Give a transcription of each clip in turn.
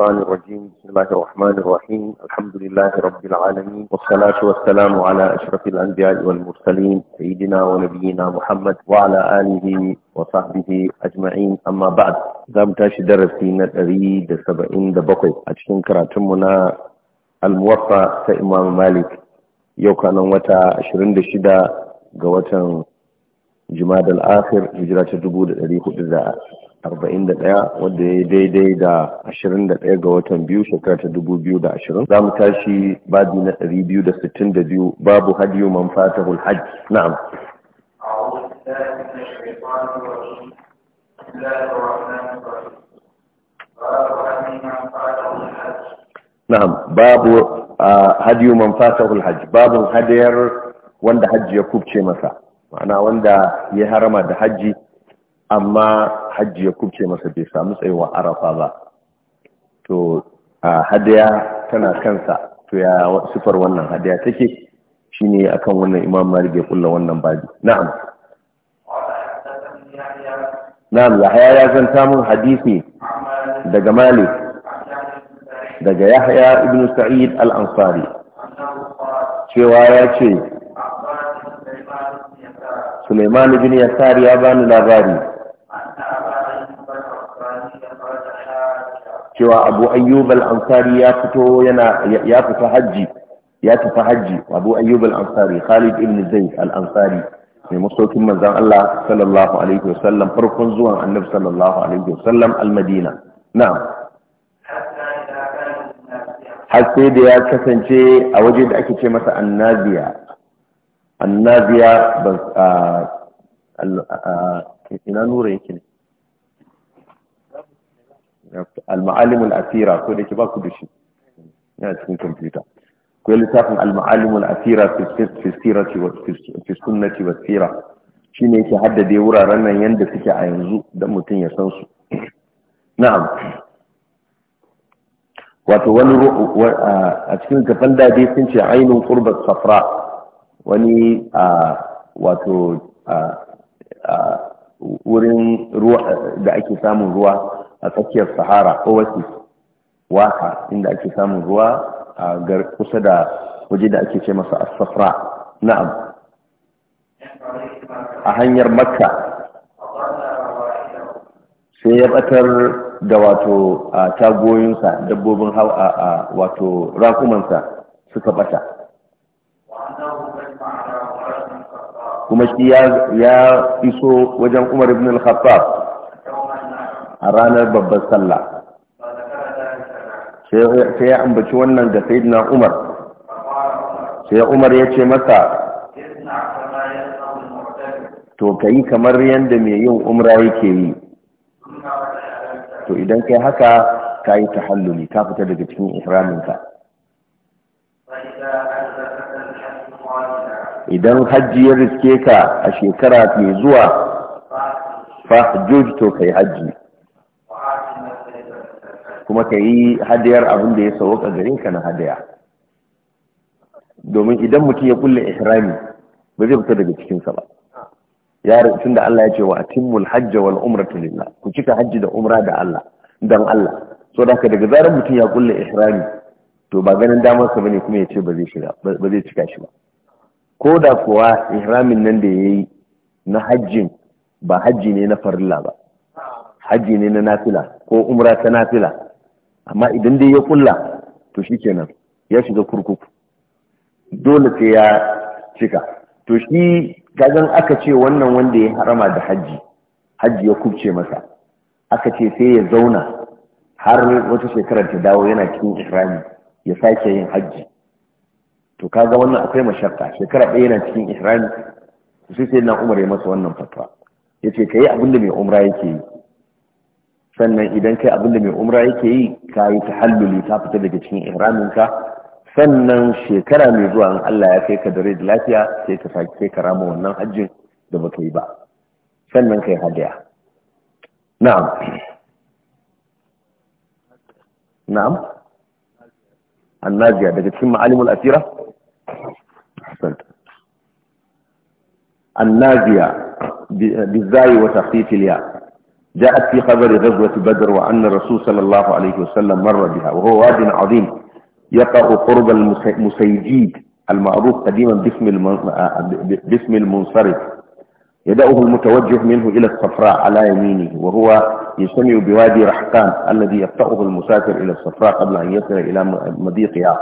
الشيطان الرجيم بسم الله الرحمن الرحيم الحمد لله رب العالمين والصلاة والسلام على أشرف الأنبياء والمرسلين سيدنا ونبينا محمد وعلى آله وصحبه أجمعين أما بعد زام تاشي درسينا تريد سبعين دبقي أجتن كراتمنا الموفى سإمام مالك يوكا نواتا أشرين دشدا قواتا جماد الآخر هجرة دبود الذي خدد 41 wadda ya yi daidai da 21 ga watan biyu shekara ta 2020 za mu tashi babi na 262 babu hadiyu man fata hajj na'am na'am babu hadiyu man fata hajj babu hadiyar wanda hajji ya kubce masa ma'ana wanda ya harama da hajji amma hajji ya kubce masa bai samu tsayuwa arafa ba to a hadaya tana kansa to ya sifar wannan hadaya take shine akan wannan imam malik ya kulla wannan babi na'am na'am yahya ya zanta mun hadisi daga malik daga yahya ibn sa'id al-ansari cewa ya ce Suleiman bin Yasar ya bani labari cewa abu ayyub al-ansari ya fito yana ya fita hajji ya tafi hajji abu ayyub al-ansari khalid ibn zaid al-ansari mai masaukin manzon Allah sallallahu alaihi wasallam farkon zuwan annabi sallallahu alaihi wasallam al-madina na'am har sai da ya kasance a waje da ake ce masa annabiya annabiya ba ina nura yake ne al-ma'alimul asira ko da ke ba ku da shi yana cikin kwamfuta ko littafin al-ma'alimul asira fi sirati wa fi sunnati wa sira shine yake haddade wuraren nan yadda suke a yanzu don mutum ya san su na'am wato wani a cikin kafan dade sun ce ainihin kurbar safra wani a wato wurin da ake samun ruwa a tsakiyar sahara ko wasi waka inda ake samun ruwa a gar kusa da waje da ake ce masa asafra na'am a hanyar makka sai ya batar da wato a tagoyinsa dabbobin hawa wato rakumansa suka bata kuma shi ya iso wajen umar ibn al-khattab a ranar babbar sallah sai ya ambaci wannan ga sayyidina Umar sai Umar ya ce masa to ka yi kamar yadda mai yin umra yake yi to idan kai haka ka yi ta tahalluli ka fita daga cikin ihraminka idan hajji ya riske ka a shekara mai zuwa to kai hajji kuma ka yi hadayar abin da ya sauka gare ka na hadaya domin idan mutum ya kulle ihrami ba zai fita daga cikinsa ba ya tun da Allah ya ce wa atimul hajj wal umrata lillah ku cika hajji da umra da Allah dan Allah so da daga zarar mutum ya kulle ihrami to ba ganin damar sa bane kuma ya ce ba zai shiga ba zai cika shi ba ko da kuwa ihramin nan da yayi na hajjin ba hajji ne na farilla ba hajji ne na nafila ko umra ta nafila amma idan dai ya kulla to shi kenan ya shiga kurkuku dole sai ya cika to shi gagan aka ce wannan wanda ya harama da hajji hajji ya kubce masa aka ce sai ya zauna har wata shekarar ta dawo yana cikin ihrami ya sake yin hajji to kaga wannan akwai mashakka shekara ɗaya yana cikin ihrami sai sai na umar ya masa wannan fatwa Ya ce ka yi abinda mai umra yake yi sannan idan kai abin da mai umra yake yi ka yi tahalluli ka fita daga cikin ihraminka sannan shekara mai zuwa in Allah ya kai ka da rai da lafiya sai ka sake sai ka wannan hajjin da baka yi ba sannan kai hadiya na'am na'am annajiya daga cikin ma'alimul asira annajiya bizai wa tafsitil ya جاءت في خبر غزوة بدر وأن الرسول صلى الله عليه وسلم مر بها وهو واد عظيم يقع قرب المسيجيد المعروف قديما باسم باسم المنصرف يدعه المتوجه منه إلى الصفراء على يمينه وهو يجتمع بوادي رحقان الذي يقطعه المسافر إلى الصفراء قبل أن يصل إلى مضيقها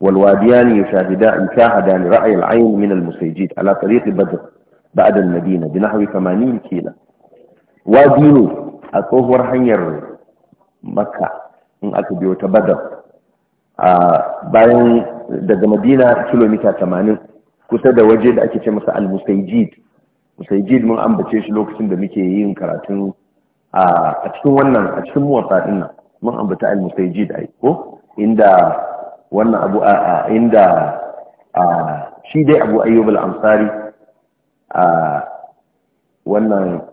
والواديان يشاهدان يشاهدان رأي العين من المسيجيد على طريق بدر بعد المدينة بنحو 80 كيلو wadi ne a tsohuwar hanyar makka in aka biyo ta badar a bayan daga madina kilomita 80 kusa da waje da ake ce masa al-musaijid musaijid mun ambace shi lokacin da muke yin karatun a cikin wannan a cikin muwatta din nan mun ambata al-musaijid ai ko inda wannan abu a inda shi dai abu ayyub al-ansari a wannan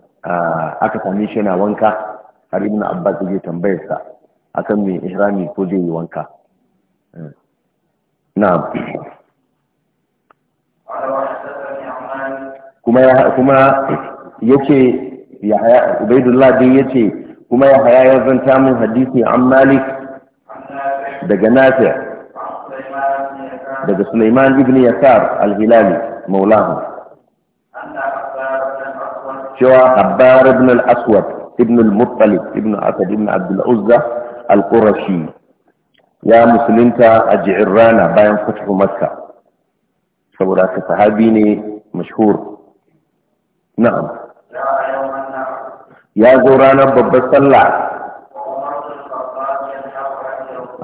aka sami shi yana wanka har ibn abbas zai tambayar sa akan mai ihrami ko zai yi wanka eh. na'am kuma ya kuma yace yahya ubaidullah din yace kuma ya haya ya zanta min hadisi an malik daga nafi' daga Sulaiman ibn Yasar al-Hilali maulahu شو عبار بن الأسود ابن المطلب ابن أسد ابن عبد العزة القرشي يا مسلمتا أجعرانا باين فتح مكة سوراك صحابيني مشهور نعم يا زورانا بب صلى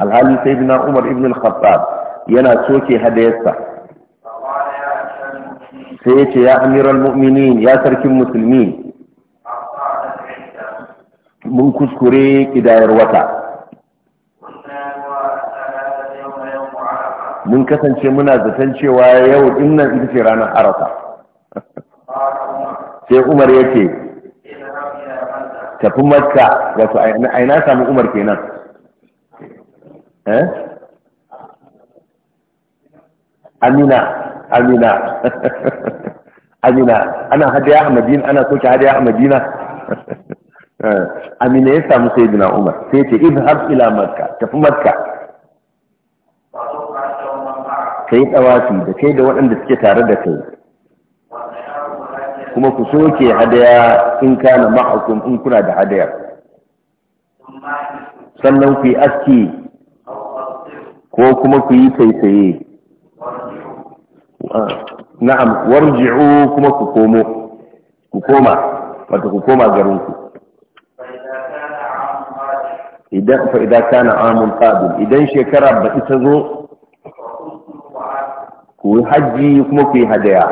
الهالي سيدنا عمر ابن الخطاب ينا سوكي هديسة sai ya ce ya amiral mu'minin ya sarkin musulmi mun kuskure ƙidayar wata mun kasance muna zaton cewa yau dinnan ita ce ranar arafa sai umar ya ce tafi makka wato aina samu umar kenan eh? amina amina amina ana hada a madina ana soke hada a madina amina ya samu sai dina umar sai ce izhab ila makka tafi makka yi tsawafi da kai da waɗanda suke tare da kai kuma ku soke hadaya in kana ma'akum in kuna da hadayar sannan ku yi aski ko kuma ku yi taitaye Ah, na'am warji'u kuma ku komo ku koma wato ku koma ku idan fa idan kana amun qadim idan shekara ba ita zo ku haji hajji kuma ku yi hadaya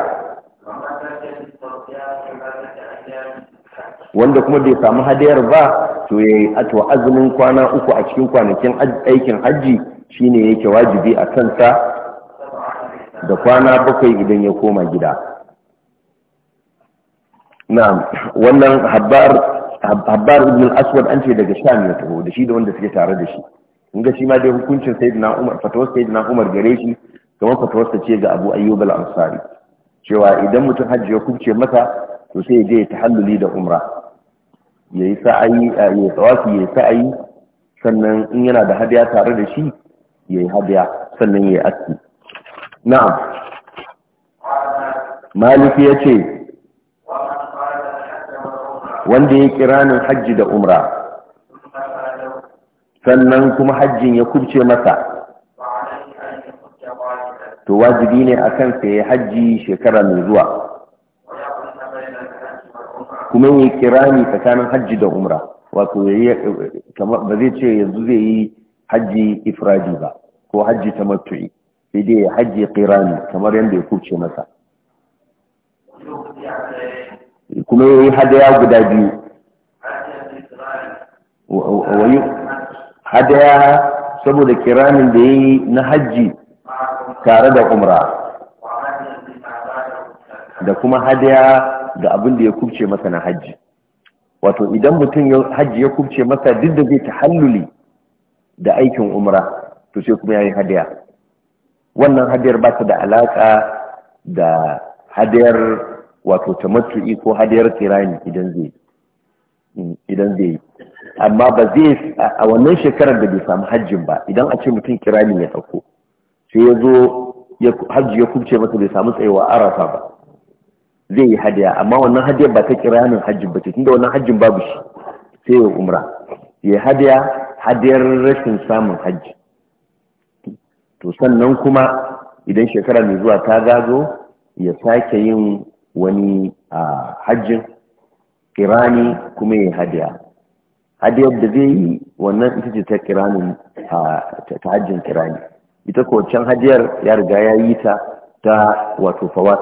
wanda kuma bai samu hadayar ba to yayi ato azumin kwana uku a cikin kwanakin aikin haji shine yake wajibi a kansa da kwana bakwai idan ya koma gida Na wannan habbar ibn aswad an ce daga sha ne taho da shi da wanda suke tare da shi in ga shi ma dai hukuncin sayyidina umar fatawar sayyidina umar gare shi kamar fatawar ta ce ga abu ayyub al-ansari cewa idan mutum hajji ya kubce masa to sai ya je ya tahalluli da umra yayi sa'ayi yayi tawafi yayi sa'ayi sannan in yana da hadiya tare da shi yayi hadiya sannan yayi aski na'am maliki ya ce wanda ya kiranin hajji da umra sannan kuma hajjin ya kubce masa to wajibi ne akan kansa ya hajji shekara mai zuwa kuma ya kirani tsakanin hajji da umra wato ba zai ce yanzu zai yi hajji ifradi ba ko hajji ta tamattu'i sai dai ya hajji qirani kamar yadda ya kuce masa kuma yayi hadaya guda biyu hadaya saboda kiranin da yayi na hajji tare da umra da kuma hadaya da abin da ya kubce masa na hajji wato idan mutum hajji ya kuce masa duk da zai ta halluli da aikin umra to sai kuma yayi hadaya wannan hadiyar ba ta da alaƙa da hadiyar wato tamattu'i ko hadiyar kirani idan zai idan zai amma ba zai a wannan shekarar da bai samu hajjin ba idan a ce mutum kirani ya sauko sai ya zo hajji ya kubce masa bai samu tsayewa arafa ba zai yi hadiya amma wannan hadiyar ba ta kiranin hajjin ba ce tunda wannan hajjin babu shi sai ya umra ya hadiya hadiyar rashin samun hajji to sannan kuma idan shekara mai zuwa ta gazo ya sake yin wani hajjin kirani kuma ya hadiya hadiyar da zai yi wannan ita ce ta kiranin ta hajjin kirani ita ko can hadiyar ya riga ya yi ta ta wato fawat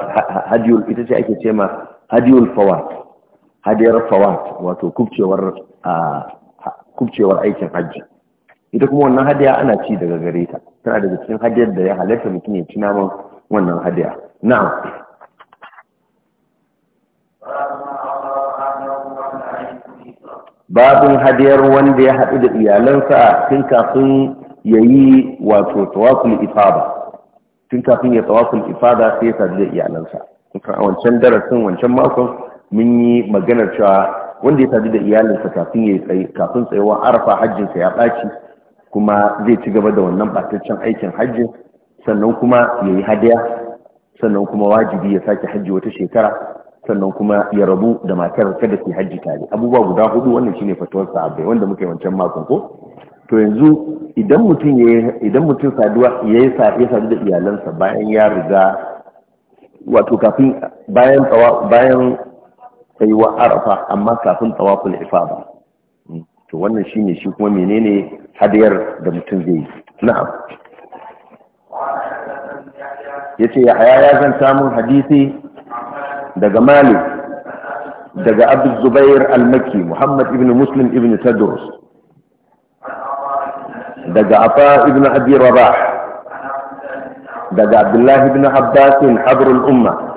hadiyul ita ce ake ce ma hadiyul fawat hadiyar fawat wato kubcewar kubcewar aikin hajji ita kuma wannan hadiya ana ci daga gare ta tana daga cikin hadiyar da ya halatta mutum ya ci naman wannan hadiya na'am babin hadiyar wanda ya haɗu da iyalansa tun kafin ya yi wato tawakul ifada tun kafin ya tawakul ifada sai ya sadu da iyalansa a wancan darasin wancan makon mun yi maganar cewa wanda ya sadu da iyalinsa kafin ya kafin tsayuwar arafa hajjinsa ya ɓaci kuma zai ci gaba da wannan bataccen aikin hajji sannan kuma ya yi hadaya sannan kuma wajibi ya sake hajji wata shekara sannan kuma ya rabu da matar kada su hajji tare abubuwa guda hudu wannan shine fatuwar sahabbai wanda muke wancan makon ko to yanzu idan mutum ya idan mutum saduwa ya sadu da iyalansa bayan ya riga wato kafin bayan bayan tsayuwa arafa amma kafin tawaful ifada to wannan ne, shi kuma menene hadiyar da mutum zai yi na'am ce, yahya ya zan mun hadisi daga malik daga abu zubair al muhammad ibn muslim ibn tadrus daga afa ibn abi rabah daga abdullahi ibn abbas abrul umma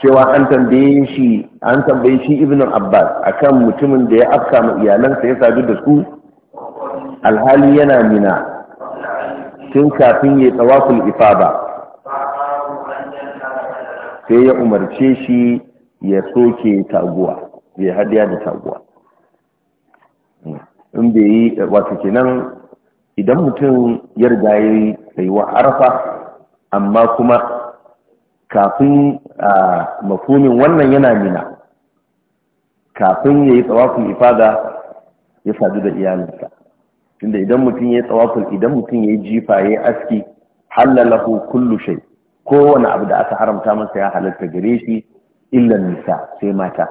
cewa an tambaye shi an tambaye shi ibn abbas akan mutumin da ya afka ma iyalansa ya sadu da su alhali yana mina tun kafin ya tawaful ifada sai ya umarce shi ya soke taguwa ya hadiya da taguwa in bai yi wasu kenan idan mutum ya riga ya yi arfa amma kuma kafin mafumin wannan yana mina kafin ya yi tsawafin ifada ya sadu da iyalinsa tunda idan mutum ya yi tsawafin idan mutum ya yi jifa ya yi aski halalahu kullu shai kowane abu da aka haramta masa ya halatta gare shi illan nisa sai mata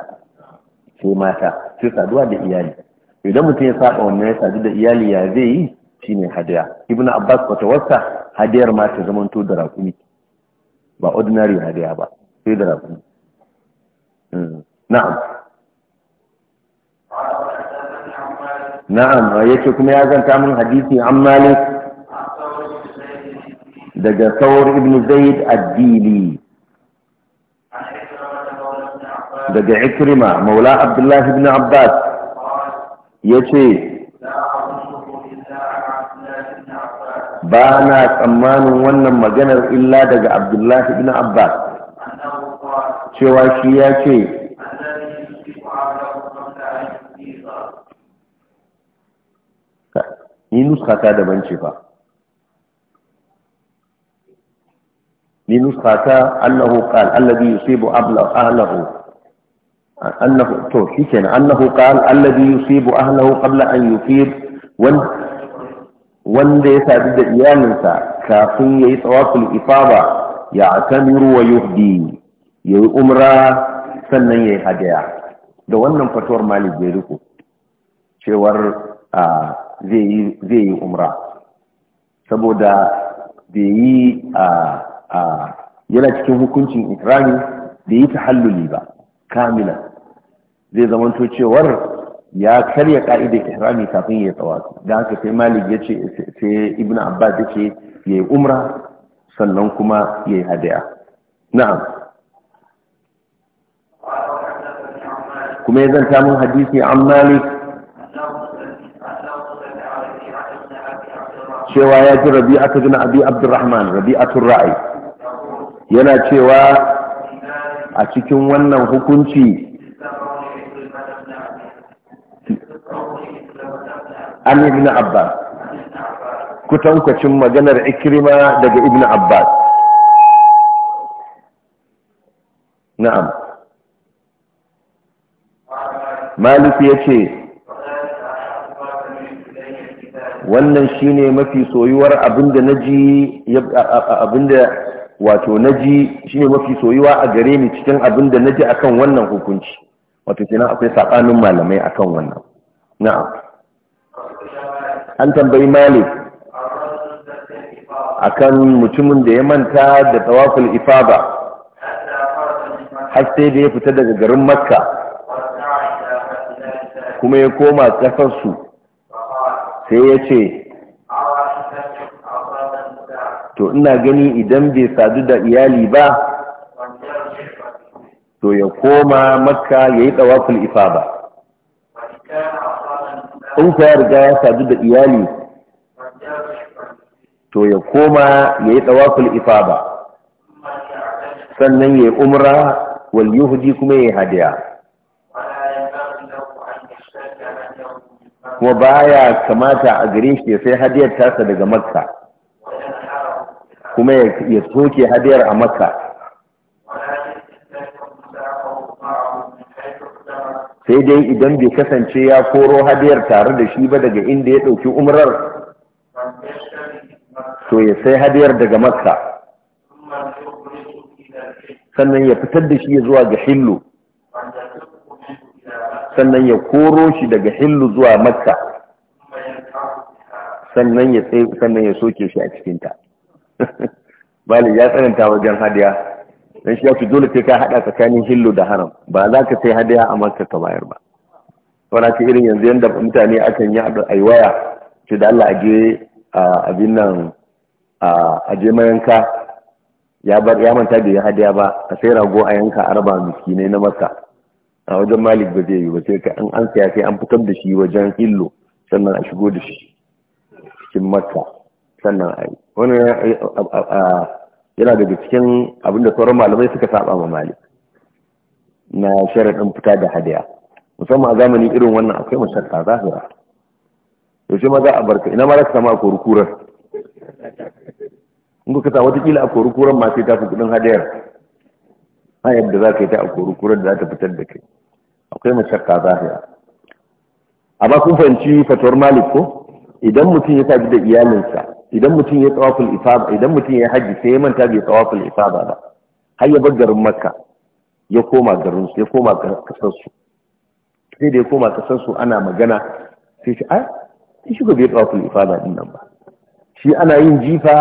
sai mata sai saduwa da iyali idan mutum ya saba wannan ya sadu da iyali ya zai yi shine hadiya ibnu abbas wata wasa hadiyar ma ta zamanto da rakumi ba ordinary hadiya ba sai da rabu na'am na'am yace kuma ya zanta min hadisi an malik daga sawr ibn zaid ad-dili daga ikrima maula abdullah ibn abbas yace ba na tsammanin wannan maganar illa daga abdullahi ibn abbas cewa shi ya ce ni nuska ta daban ce fa ni nuska ta annahu qal alladhi yusibu abla ahlahu annahu to shi shikenan annahu qal alladhi yusibu ahlahu qabla an yufid wani. wanda ya sadu da iyalinsa kafin ya yi tsawafin ifaba ya atamiru wa yuhdi ya yi umra sannan ya yi hadaya da wannan fatuwar mali ya riko cewar zai yi umra saboda bai yi yana cikin hukuncin ikrami bai yi ta tahalluli ba kamila zai zamanto cewar ya karya ka'idar ihrami kafin ya tsawata da haka sai malik ya ce sai ibn abbas ya ce ya yi umra sannan kuma ya yi hadaya na'am kuma ya zanta mun hadisi an malik cewa ya ji aka bin abi abdurrahman rabi'atul ra'ayi yana cewa a cikin wannan hukunci an ibn abbas kutankwacin maganar ikrima daga ibn abbas na'am malik ya ce wannan shine mafi soyuwar abinda naji abinda wato naji shine mafi soyuwa a gare ni cikin abinda naji akan wannan hukunci wato kenan akwai sabanin malamai akan wannan na'am an tambayi malik akan mutumin da ya manta da tawaful Ifaba, har sai da ya fita daga garin makka kuma ya koma kasarsu sai ya ce to ina gani idan bai sadu da iyali ba to ya koma makka ya yi ifa Ifaba. in ka riga ya sadu da iyali to ya koma ya yi tsawaful ifaba sannan ya yi umra wal yuhudi kuma ya hadiya kuma baya kamata a gare shi ya sai hadiyar tasa daga makka kuma ya soke hadiyar a makka sai dai idan bai kasance ya koro hadiyar tare da shi ba daga inda ya ɗauki umrar to ya sai hadiyar daga makka sannan ya fitar da shi ya zuwa ga hillu sannan ya koro shi daga hillu zuwa makka sannan ya soke shi a cikinta bali ya tsananta wajen hadiya dan shi ya dole sai ka haɗa tsakanin hillu da haram ba za ka sai hadiya a makka ka bayar ba wani ce irin yanzu yadda mutane akan yi a waya ce da Allah aje abin nan aje mayanka ya bar ya manta da hadiya ba a sai rago a yanka arba miskine na makka a wajen malik ba zai yi ba sai an an saya sai an fitar da shi wajen hillu sannan a shigo da shi cikin makka sannan a yi yana daga cikin abinda sauran malamai suka saba ma malik na sharaɗin fita da hadiya musamman a zamani irin wannan akwai mashakka zahira yaushe ma za a barka ina ma za ka samu a kori kurar in kuka sa watakila a kori kurar ma sai ta fi kudin hadiyar ha yadda za ka yi ta a kori kurar da za ta fitar da kai akwai mashakka zahira amma kun fahimci fatuwar malik ko idan mutum ya ji da iyalinsa idan mutum ya tsawafin ifada idan mutum ya haji sai ya manta bai tsawafin ifada ba har ya bar garin makka ya koma garin ya koma kasarsu sai da ya koma kasarsu ana magana sai shi a, shi shiga bai tsawafin ifada din nan ba shi ana yin jifa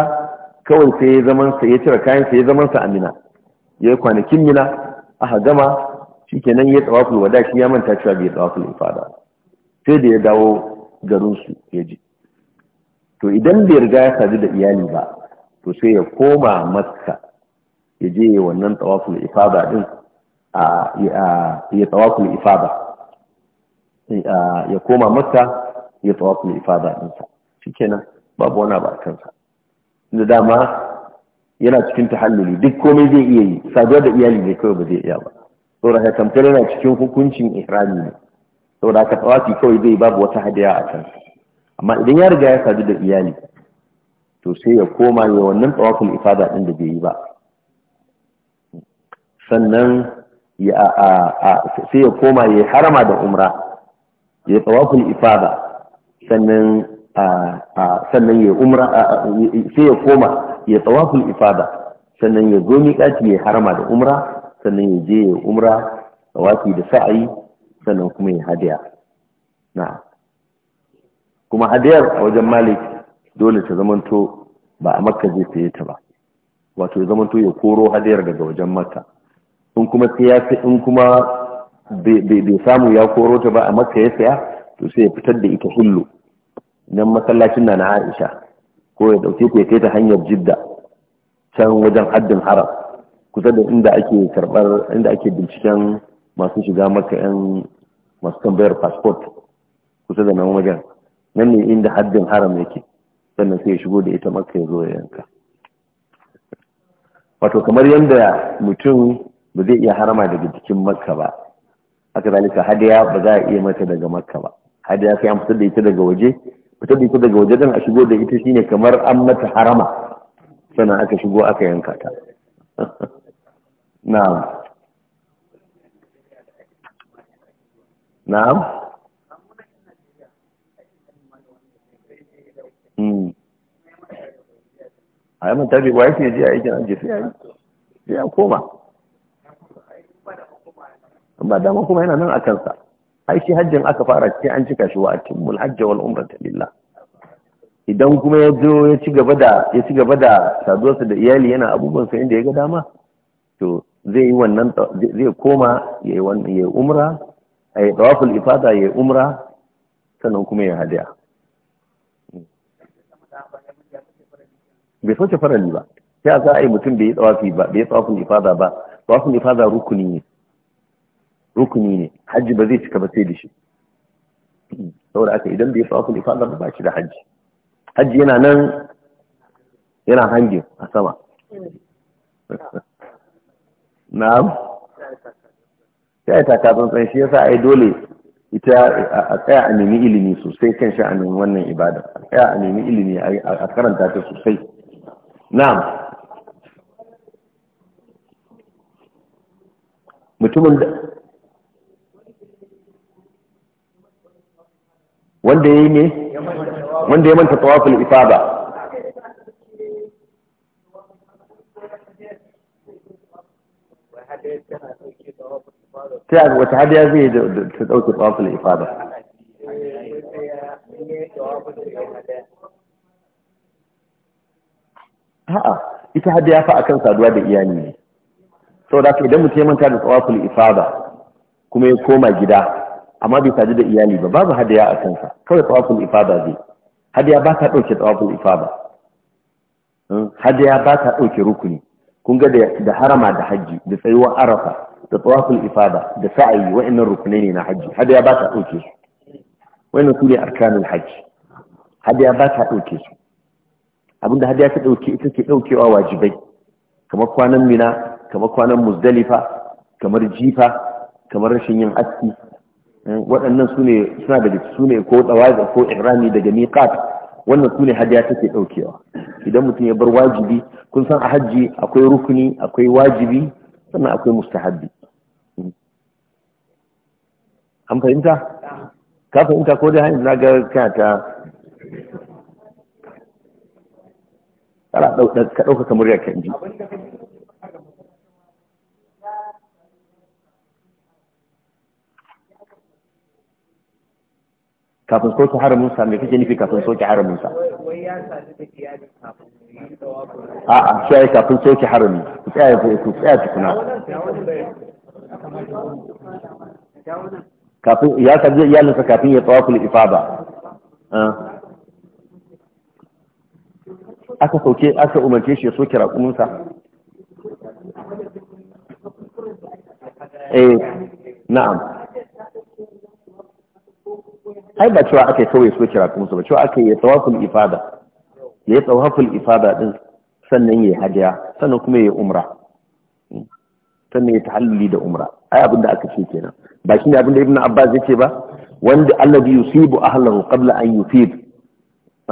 kawai sai ya zaman sa ya cire kayan sa ya zaman sa amina ya yi kwanakin mina aka gama kenan ya tsawafin wada shi ya manta cewa bai tsawafin ifada sai da ya dawo garin su ya ji to idan bai riga ya sadu da iyali ba to sai ya koma makka ya je wannan tawaful ifada din a ya tawaful ifada ya koma makka ya tawaful ifada din sa shikenan babu wani ba kansa inda dama yana cikin tahalluli duk komai zai iya yi saduwa da iyali mai kawai ba zai iya ba saboda ka tamkar yana cikin hukuncin ihrami ne saboda aka tawafi kawai zai babu wata hadiya a kansa amma idan ya riga ya sadu da iyali to sai ya koma ya wannan tsawafin ifada ɗin da bai yi ba sannan sai ya koma ya harama da umra ya tsawafin ifada sannan sannan ya umra sai ya koma ya tsawafin ifada sannan ya zo miƙaci ya harama da umra sannan ya je ya umra tsawafi da sa'ayi sannan kuma ya hadiya na'am kuma hadiyar a wajen malik dole ta zamanto ba a makka zai saye ta ba wato ya zamanto ya koro hadiyar daga wajen makka in kuma sai in kuma bai samu ya koro ta ba a makka ya saya to sai ya fitar da ita hullu nan masallacin na na aisha ko ya dauke ku ya kai ta hanyar jidda can wajen haddin haram kusa da inda ake karbar inda ake binciken masu shiga maka yan masu tambayar passport kusa da nan wajen nan ne inda haddin haram yake sannan sai ya shigo da ita maka ya zo ya yanka wato kamar yadda mutum ba zai iya harama daga cikin makka ba haka zalika hadiya ba za a iya mata daga makka ba hadiya sai an fitar da ita daga waje fitar da ita daga waje dan a shigo da ita shine kamar an mata harama sannan aka shigo aka yanka ta na'am na'am a yi mutabi wa yake ji aikin hajji sai ya yi ya koma ba dama kuma yana nan a kansa ai shi hajjin aka fara ce an cika shi wa atimul hajji wal umrata lillah idan kuma ya zo ya ci gaba da ya ci gaba da saduwarsa da iyali yana abubuwan sa inda ya ga dama to zai yi wannan zai koma ya yi umra a yi tsawafin ifada yi umra sannan kuma ya hadiya bai sauke farali ba ya za a yi mutum bai yi tsawafi ba bai yi tsawafin ifada ba tsawafin ifada rukuni ne rukuni ne hajji ba zai cika ba sai da shi saboda aka idan bai yi tsawafin ifada ba ba shi da hajji hajji yana nan yana hangin a sama na'am ya yi takatsantsan shi yasa yi dole ita a tsaya a nemi ilimi sosai kan sha'anin wannan ibada a tsaya a nemi ilimi a karanta ta sosai na'am mutumin da wanda ya yi ne wanda ya manta tawaful ifada ta wata hadiya zai da ta dauke tawaful ifada a'a ita ya fa kan saduwa da iyali ne Sau da ke idan mutu ya manta da tsawafin ifada kuma ya koma gida amma bai sadu da iyali ba babu ya a kansa kawai tsawafin ifada zai ya ba ta ɗauke tsawafin ifada hmm? ya ba ta ɗauke rukuni kun ga da harama da hajji da tsayuwar arafa da tsawafin ifada da sa'ayi wa'annan rukunai ne na hajji ya ba ta ɗauke su wa'annan su ne arkanul hajji ya ba ta ɗauke su abinda hadiya ta dauke ita ke daukewa wajibai kamar kwanan mina kamar kwanan muzdalifa kamar jifa kamar rashin yin aski eh, waɗannan su ne suna daga su ne ko tsawaza ko irami daga miqat wannan su ne hadiya ke daukewa idan mutum ya bar wajibi kun san a hajji akwai rukuni akwai wajibi sannan akwai mustahabbi hmm. an fahimta ka fahimta ko dai hanyar na ga kana ka ɗaukaka murya ka ji kafin soke haramunsa mai kake nufi kafin soke haramunsa a a shi ya kafin soke harami ku tsaya ku tsaya tukuna kafin ya kaji iyalinsa kafin ya tsawafin ifada aka sauke aka umarce shi ya kira raƙuminsa eh na'am ai ba cewa aka yi so kira kununsa ba cewa aka yi tsawafin ifada ya yi tsawafin ifada din sannan ya yi sannan kuma ya umra sannan ya tahalluli da umra ai abin da aka ce kenan ba shi ne abin da ibnu abbas yake ce ba wanda allazi yusibu ahlahu qabla an yufid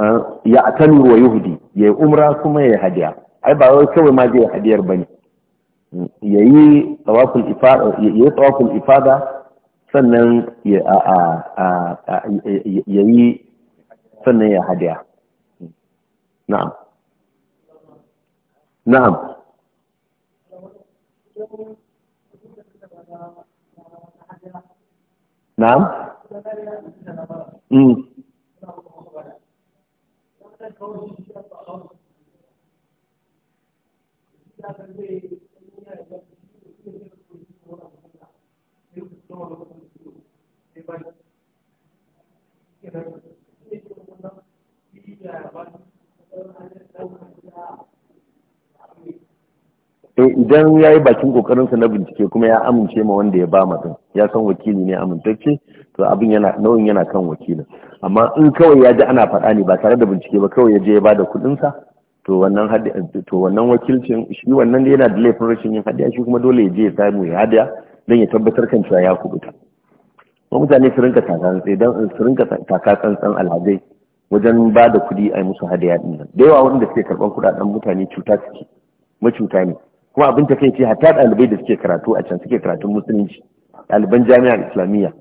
eh, ya atanu wa yuhdi ya yi umra kuma ya yi hadiya ai ba wai kawai ma zai hadiyar ba ne ya yi tsawakul ifada sannan ya yi sannan ya hadiya na'am na'am na'am mm. 在高级学校找到，现在对音乐的对这个主题我很敏感，有很多的东西没关系。现在这些文章，第一点完，我们还是来看一下。Eh, idan ya yi bakin kokarinsa na bincike kuma ya amince ma wanda ya ba mutum ya san wakili ne amintacce to abin yana nauyin yana kan wakilin amma in kawai ya ji ana faɗa ne ba tare da bincike ba kawai ya je ya ba da kuɗinsa to wannan to wannan wakilcin shi wannan da yana da laifin rashin yin hadiya shi kuma dole ya je ya samu ya hadiya don ya tabbatar kan cewa ya kubuta kuma mutane su rinka takatsantsan dan su rinka takatsantsan wajen ba da kuɗi a musu hadiya din nan da yawa wanda suke karɓan kuɗaɗen mutane cuta suke macuta ne kuma abin ta kai ce hatta ɗalibai da suke karatu a can suke karatun musulunci ɗaliban jami'ar islamiyya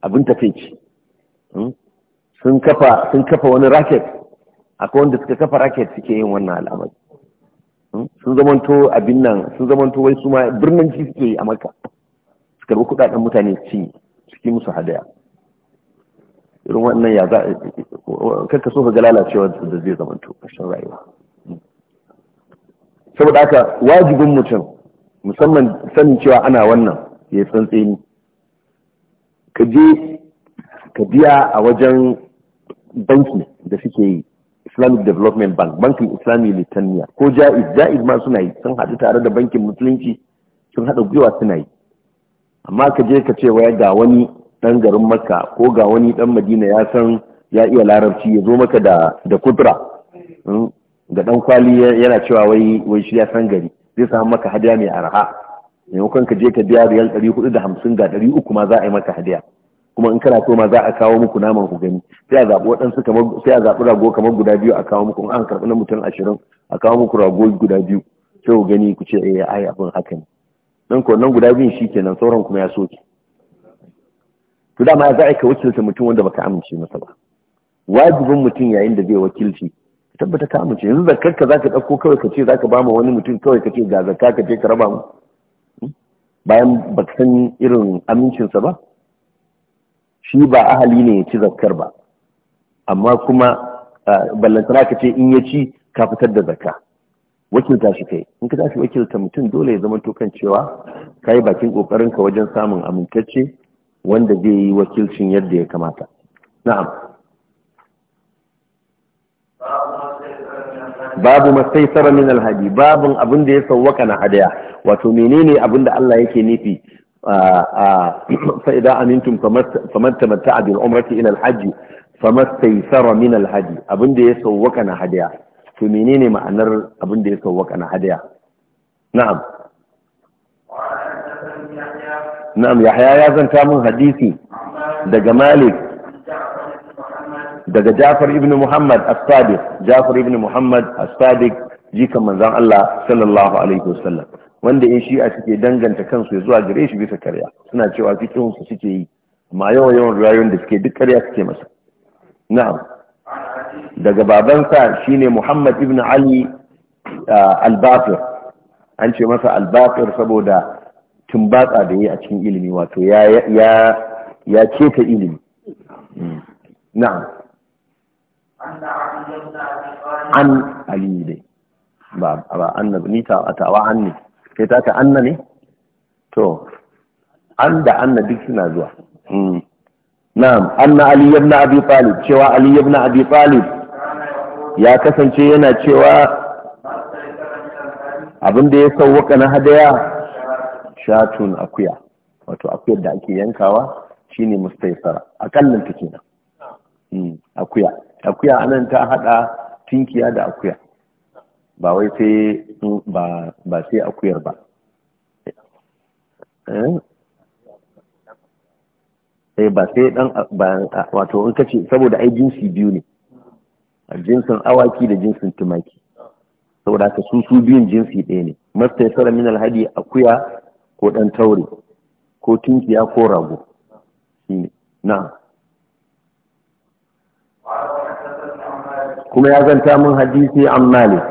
abin ta kai hmm? sun kafa sun kafa wani racket akwai wanda suka kafa racket suke yin wannan al'amari hmm? sun zamanto abin nan sun zamanto wai su ma birnin ci suke yi a maka su karbi kuɗaɗen mutane ci suke musu hadaya irin wannan ya za a kakka so ka ga lalacewar da zai zamanto ƙarshen rayuwa saboda haka wajibin mutum musamman sanin cewa ana wannan ya tsantseni ka je ka biya a wajen banki da suke yi islamic development bank bankin islami litaniya ko ja'iz ja'iz ma suna yi sun haɗu tare da bankin musulunci sun haɗa gwiwa suna yi amma ka je ka ce waya ga wani ɗan garin makka ko ga wani ɗan madina ya san ya iya larabci ya zo maka da kudura hmm? ga dan kwali yana cewa wai wai shi ya san gari zai samu maka hadiya mai arha maimakon ka je ka biya riyal 450 ga 300 ma za a yi maka hadiya kuma in kana so ma za a kawo muku naman ku gani sai a zaɓi waɗansu kamar sai a zaɓi rago kamar guda biyu a kawo muku in an karɓi na mutum ashirin a kawo muku rago guda biyu sai ku gani ku ce eh ai abin haka ne dan ko nan guda biyun shi kenan sauran kuma ya soke to dama za a yi ka wakilta mutum wanda baka amince masa ba wajibin mutum yayin da zai wakilci tabbata ka amince yanzu zakar ka za ka dauko kawai ka ce zaka ba mu wani mutum kawai ka ce ga zakka ka je ka raba mu hmm? bayan ba ka san irin amincinsa ba shi ba ahali ne ya ci zakkar ba amma kuma ballantana ka ce in ya ci ka fitar da zakka wakilta shi kai in ka tashi wakilta mutum dole ya zama kan cewa ka yi bakin ka wajen samun amintacce wanda zai yi wakilcin yadda ya kamata na'am babu mastaisara min alhadi babun abin da ya sawwaka na hadaya wato menene abin da Allah yake nufi fa idan amintum faman tamatta'a bil umrati ila alhajj famastaisara min alhadi abin da ya sawwaka na hadaya to menene ma'anar abin da ya sawwaka na hadaya na'am na'am yahya ya zanta min hadisi daga malik daga Jafar ibn Muhammad as-Sadiq Jafar ibn Muhammad as-Sadiq jikan manzan Allah sallallahu alaihi wasallam wanda in shi a suke danganta kansu zuwa gare shi bisa karya suna cewa cikin suke yi amma yawan yawan rayuwar da suke duk karya suke masa na'am daga babansa shine Muhammad ibn Ali uh, al an ce masa al-Baqir saboda tumbatsa da yayi a cikin ilimi wato ya ya ya ilimi hmm. na'am an alide dai ba ba anna ni ta atawa anni kai ta ta anna ne to an da anna duk suna zuwa mm. na'am anna ali ibn abi talib cewa ali ibn abi talib ya kasance yana cewa abin da ya sauwaka na hadaya shatun akuya wato akuyar da ake yankawa shine mustaisara akallin ta kenan mm, akuya akuya anan ta hada tinkiya da akuya ba wai sai ba sai akuyar ba eh, eh ba sai dan wato in kace saboda ai jinsi biyu ne jinsin awaki da jinsin tumaki saboda ka su su biyun jinsi ɗaya ne masta yasara min alhadi akuya ko dan taure ko tunkiya ko rago shine na'am kuma ya zanta min hadisi an malik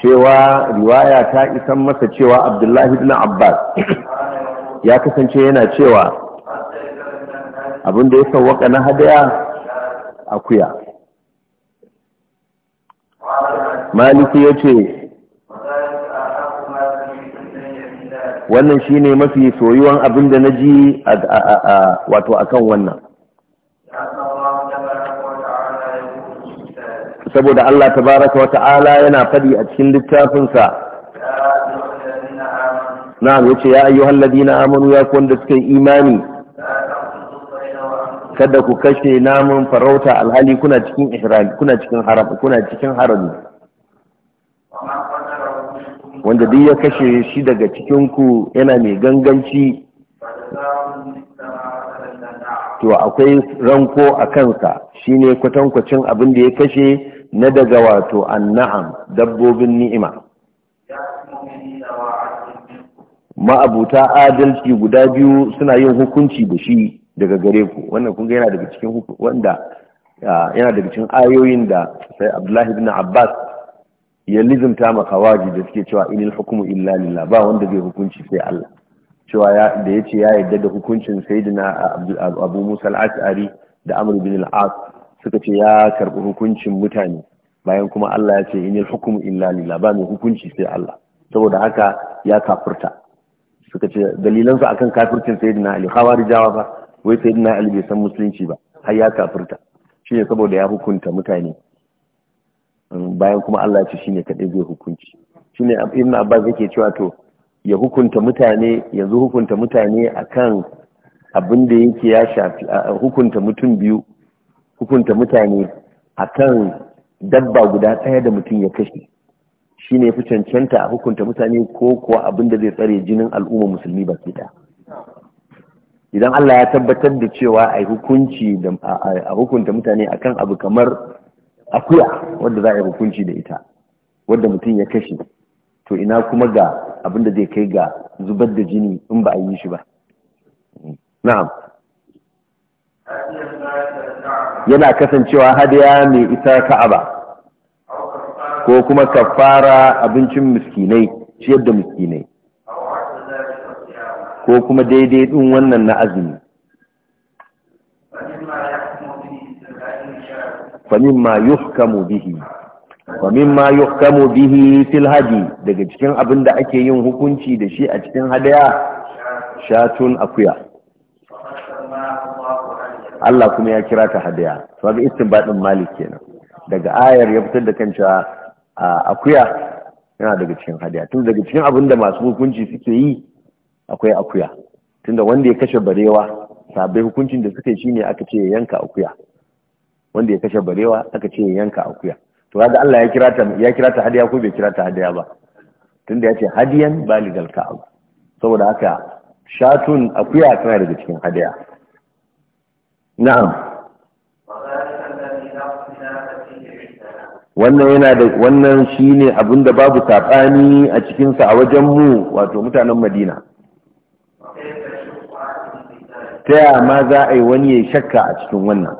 cewa riwaya ta isan masa cewa abdullahi ibn abbas ya kasance yana cewa abinda ya sauwaka na hadaya akuya maliki ya ce wannan shine mafi soyuwan abinda na ji wato akan wannan saboda Allah ta baraka wa ta'ala yana fadi a cikin littafinsa na'am yace ya ayyuhal ladina amanu ya kuwan wanda suka yi imani kada ku kashe namun farauta alhali kuna cikin ihrami kuna cikin haram kuna cikin harami wanda duk ya kashe shi daga cikin ku yana mai ganganci to akwai ranko a kansa shine kwatankwacin abin da ya kashe na daga wato anna'am dabbobin ni'ima ma'abuta adalci guda biyu suna yin hukunci da shi daga gare ku wannan kunga yana daga cikin wanda yana daga cikin ayoyin da sai Abdullahi ibn Abbas ya lizimta maka kawaji da suke cewa inil hukumu illa lillah ba wanda zai hukunci sai Allah cewa ya da yace ya yadda da hukuncin sayyidina Abu Musa al-Ash'ari da Amr bin al-As suka ce ya karɓi hukuncin mutane bayan kuma Allah ya ce inil hukumu illa lillah ba mai hukunci sai Allah saboda haka ya kafirta suka ce dalilansu akan kafircin sayyidina Ali jawa ba wai sayyidina Ali bai san musulunci ba har ya kafirta ne saboda ya hukunta mutane bayan kuma Allah ya ce shine kadai zai hukunci shine Ibn Abbas yake cewa to ya hukunta mutane yanzu hukunta mutane akan abin da yake ya shafi hukunta mutum biyu hukunta mutane a kan dabba guda ɗaya da mutum ya kashe shi ne fi cancanta a hukunta mutane ko kuwa abin da zai tsare jinin al'umma musulmi ba ke idan Allah ya tabbatar da cewa a hukunci a hukunta mutane akan abu kamar akuya wadda za a yi hukunci da ita wadda mutum ya kashe to ina kuma ga abin da zai kai ga zubar da jini in ba a yi shi ba na'am yana kasancewa hadiya mai ita ka'aba ko kuma kafara abincin miskinai ciyar da miskinai ko kuma daidai ɗin wannan na azumi Famin famimma yuhkamu bihi Famin famimma yuhkamu bihi fil daga cikin abin da ake yin hukunci da shi a cikin hadaya shatun akuya Allah kuma ya kira ta hadaya to ga istinbadin malik kenan daga ayar ya fitar da kanta akuya yana daga cikin hadaya tun daga cikin abin da masu hukunci suke yi akwai akuya tunda wanda ya kashe barewa sabai hukuncin da suke yi shine aka ce yanka akuya wanda ya kashe barewa aka ce yanka akuya to ga Allah ya kira ta ya kira ta hadiya ko bai kira ta hadiya ba tunda yace hadiyan baligal ka'ab saboda haka shatun akuya tana daga cikin hadiya na'am wannan yana da wannan shine abin da babu saɓani a cikinsa a wajen mu wato mutanen madina ta yaya ma za a yi wani ya shakka a cikin wannan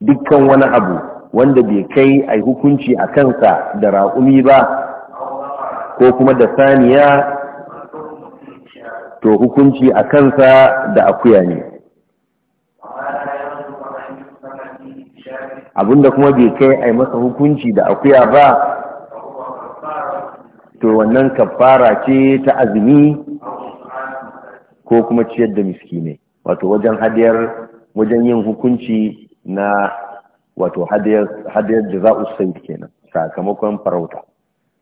dukkan wani abu wanda bai kai a hukunci a kansa da raƙumi ba ko kuma da saniya to hukunci a kansa da akuya ne abinda kuma bai kai a yi masa hukunci da akuya ba to wannan kafara ce ta azumi ko kuma ciyar da ne. wato wajen hadiyar wajen yin hukunci na wato hadiyar da za kenan sakamakon farauta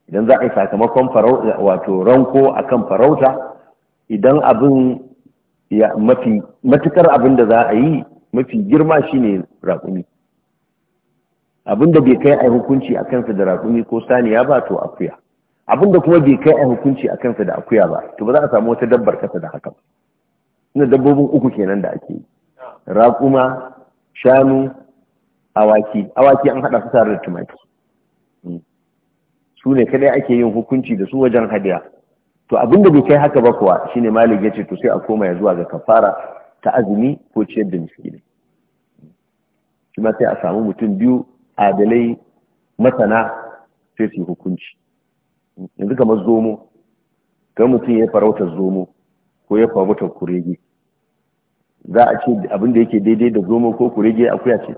idan za a yi sakamakon farauta wato ranko akan farauta idan abin ya mafi matukar abin da za a yi mafi girma shine raƙumi abin da bai kai a hukunci a kansa da raƙumi ko saniya ba to akuya abin da kuma bai kai a hukunci a kansa da akuya ba to ba za a samu wata dabbar kasa da haka ba ina dabbobin uku kenan da ake yi raƙuma shanu awaki awaki an haɗa su tare da tumaki hmm. su ne kadai ake yin hukunci da su wajen hadiya to abin da bai kai haka ba kuwa shine malik yace to sai a koma ya zuwa ga kafara ta azumi ko ciyar da miskini kuma sai a samu mutum biyu adalai masana sai su hukunci yanzu kamar zomo ga mutum ya farauta zomo ko ya farauta kurege za a ce abin da yake daidai da zomo ko kurege akuya ce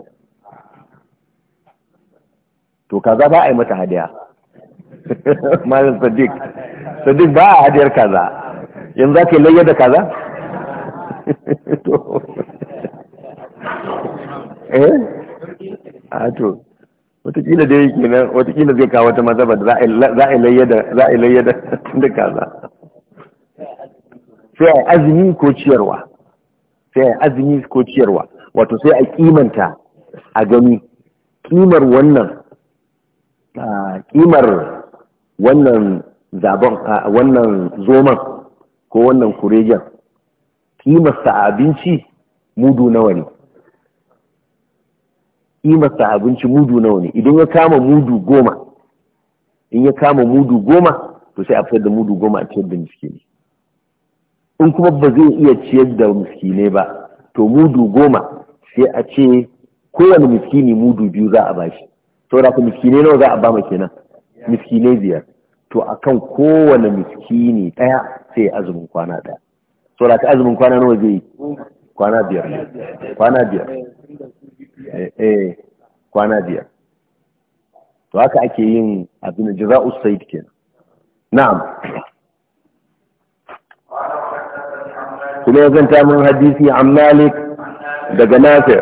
to kaza ba a yi mata hadiya malam sadiq sadiq ba a hadiyar kaza yanzu za layyar da kaza eh a ah, to watakila dai yake nan watakila zai kawo wata mazaba da za a layyar da za a da kaza sai a azumi ko ciyarwa sai a azumi ko ciyarwa wato sai a kimanta a gani kimar wannan ah, kimar wannan zabon wannan zoman ko wannan kuregen kimarsa abinci mudu nawa ne kimarsa abinci mudu nawa ne idan ya kama mudu goma in ya kama mudu goma to sai a fitar da mudu goma a ciyar da miskini in kuma ba zai iya ciyar da miskini ba to mudu goma sai a ce kowane miskini mudu biyu za a bashi saboda ku miskini nawa za a bama kenan miskinai biyar to akan kowane miskini ɗaya sai azumin kwana ɗaya so da azumin kwana nawa zai yi kwana biyar ne kwana biyar eh, eh kwana biyar to haka ake yin abin da jaza'us sayyid kenan na'am kuma zan ta min hadisi an malik daga nafi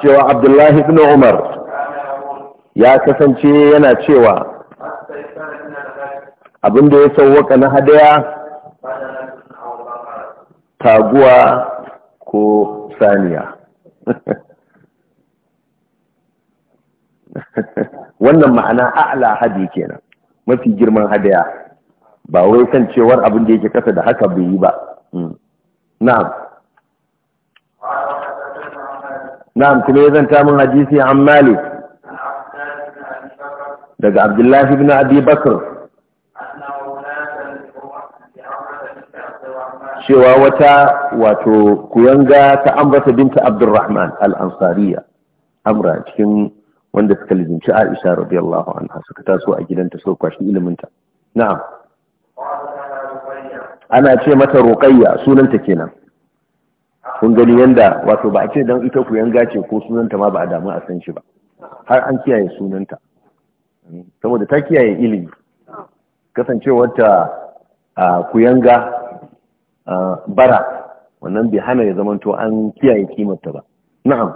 cewa abdullahi ibn umar ya kasance yana cewa abin ya sauwaka na hadaya taguwa ko saniya wannan ma'ana a'la hadi kenan mafi girman hadaya ba wai kan cewar abin da yake kasa da haka bai yi ba hmm. na'am na'am kuma ya zanta min hadisi an malik daga abdullahi bin abi bakr cewa wata wato kuyanga ta ambata binta abdurrahman al'ansariya amra cikin wanda suka lizinci aisha radiyallahu anha suka taso a gidanta so kwashi iliminta na'am ana ce mata roƙayya sunanta kenan kun gani yanda wato ba a ce don ita kuyanga ce ko sunanta ma ba a damu a san shi ba har an kiyaye sunanta saboda ta kiyaye ilimi kasancewarta a kuyanga bara wannan bai hana ya zamanto an kiyaye kimarta ba na'am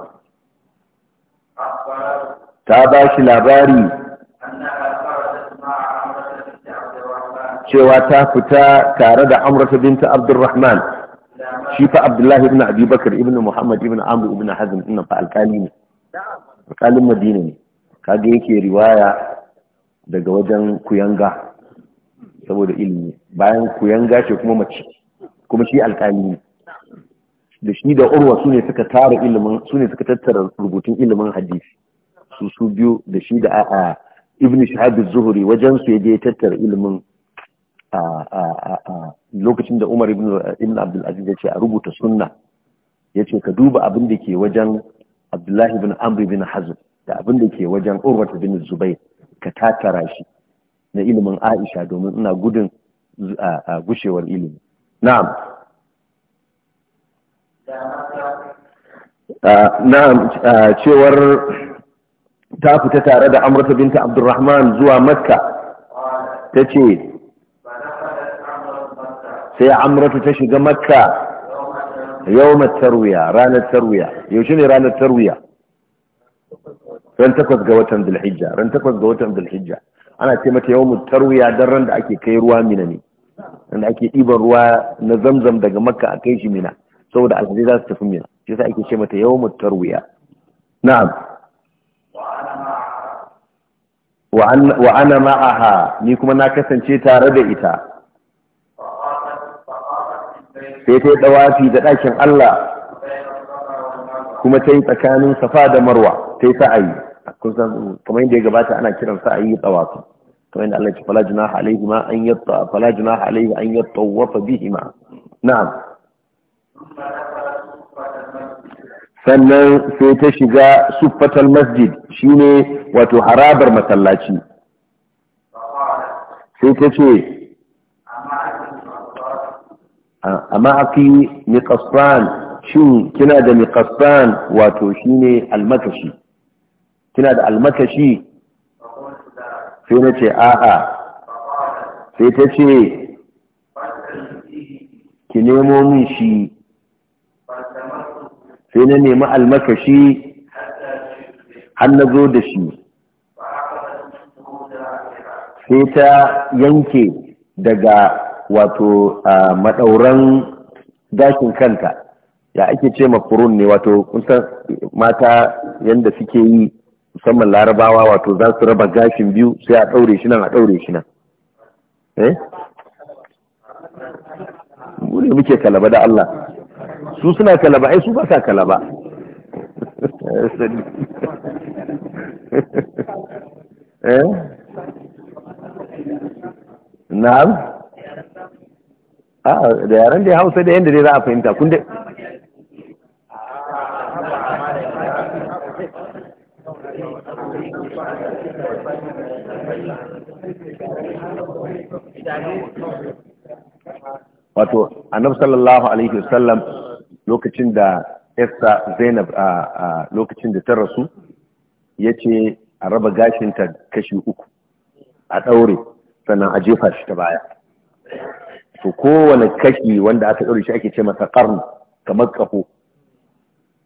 ta ba shi labari cewa ta fita tare da Amurka binta abdurrahman shi fa abdullahi ibn abubakar ibn muhammad ibn amur ibn hazm ina fa alkali ne alkalin madina ne kaga yake riwaya daga wajen kuyanga saboda ilimi bayan kuyanga ce kuma mace kuma shi alƙali ne da shi da urwa su ne suka tara ilimin su ne suka tattara rubutun ilimin hadisi su su biyu da shi da a ibn shahab zuhuri wajen su yaje tattara ilimin a lokacin da umar ibn abdul aziz ya ce a rubuta sunna ya ce ka duba abin da ke wajen abdullahi bin amri bin hazm da abin da ke wajen urwa bin zubair ka tatara shi na ilimin Aisha domin ina gudun a gushewar ilimi na'am na'am cewar ta fita tare da Amurka binta Abdurrahman zuwa Makka ce sai Amurka ta shiga Makka yawmat tarwiya ranar tarwiya yaushe ne ranar tarwiya ran takwas ga watan dulhijja ran takwas ga watan dulhijja ana ce mata yau tarwiya don ran da ake kai ruwa mina ne wanda ake ɗiban ruwa na zamzam daga makka a kai shi mina saboda alhaji za su tafi mina shi sa ake ce mata yau tarwiya na'am wa ana ma'aha ni kuma na kasance tare da ita sai ta yi dawafi da ɗakin Allah kuma ta yi tsakanin safa da marwa sai sa'ayi kun san kamar yadda ya gabata ana kiran sa'ayi tsawafi kamar yadda Allah ya ce fala junaha alaihi ma an yatta fala junaha alaihi an yattawafa bihima na'am sannan sai ta shiga suffatal masjid shine wato harabar masallaci sai ta ce amma aki miƙasfan shin kina da miƙasfan wato shine almakashi kina da almakashi sai na ce a'a sai ta ce ki nemo min shi sai na nemi almakashi har na da shi sai ta yanke daga wato a maɗauran gashin kanta ya ake ce ma ne wato kusan mata yadda suke yi musamman larabawa wato za su raba gashin biyu sai a ɗaure shi nan a ɗaure shi nan eh ne muke kalaba da Allah su suna kalaba ai su ba sa kalaba eh na'am a ah, da yaran da hausa da yanda dai za a fahimta kun dai wato annabi sallallahu alaihi wasallam lokacin da esta Zainab a lokacin da ta rasu yace a raba gashin ta kashi uku a daure sannan a jefa shi ta baya to kowane kashi wanda aka daure shi ake ce masa qarn kamar kafo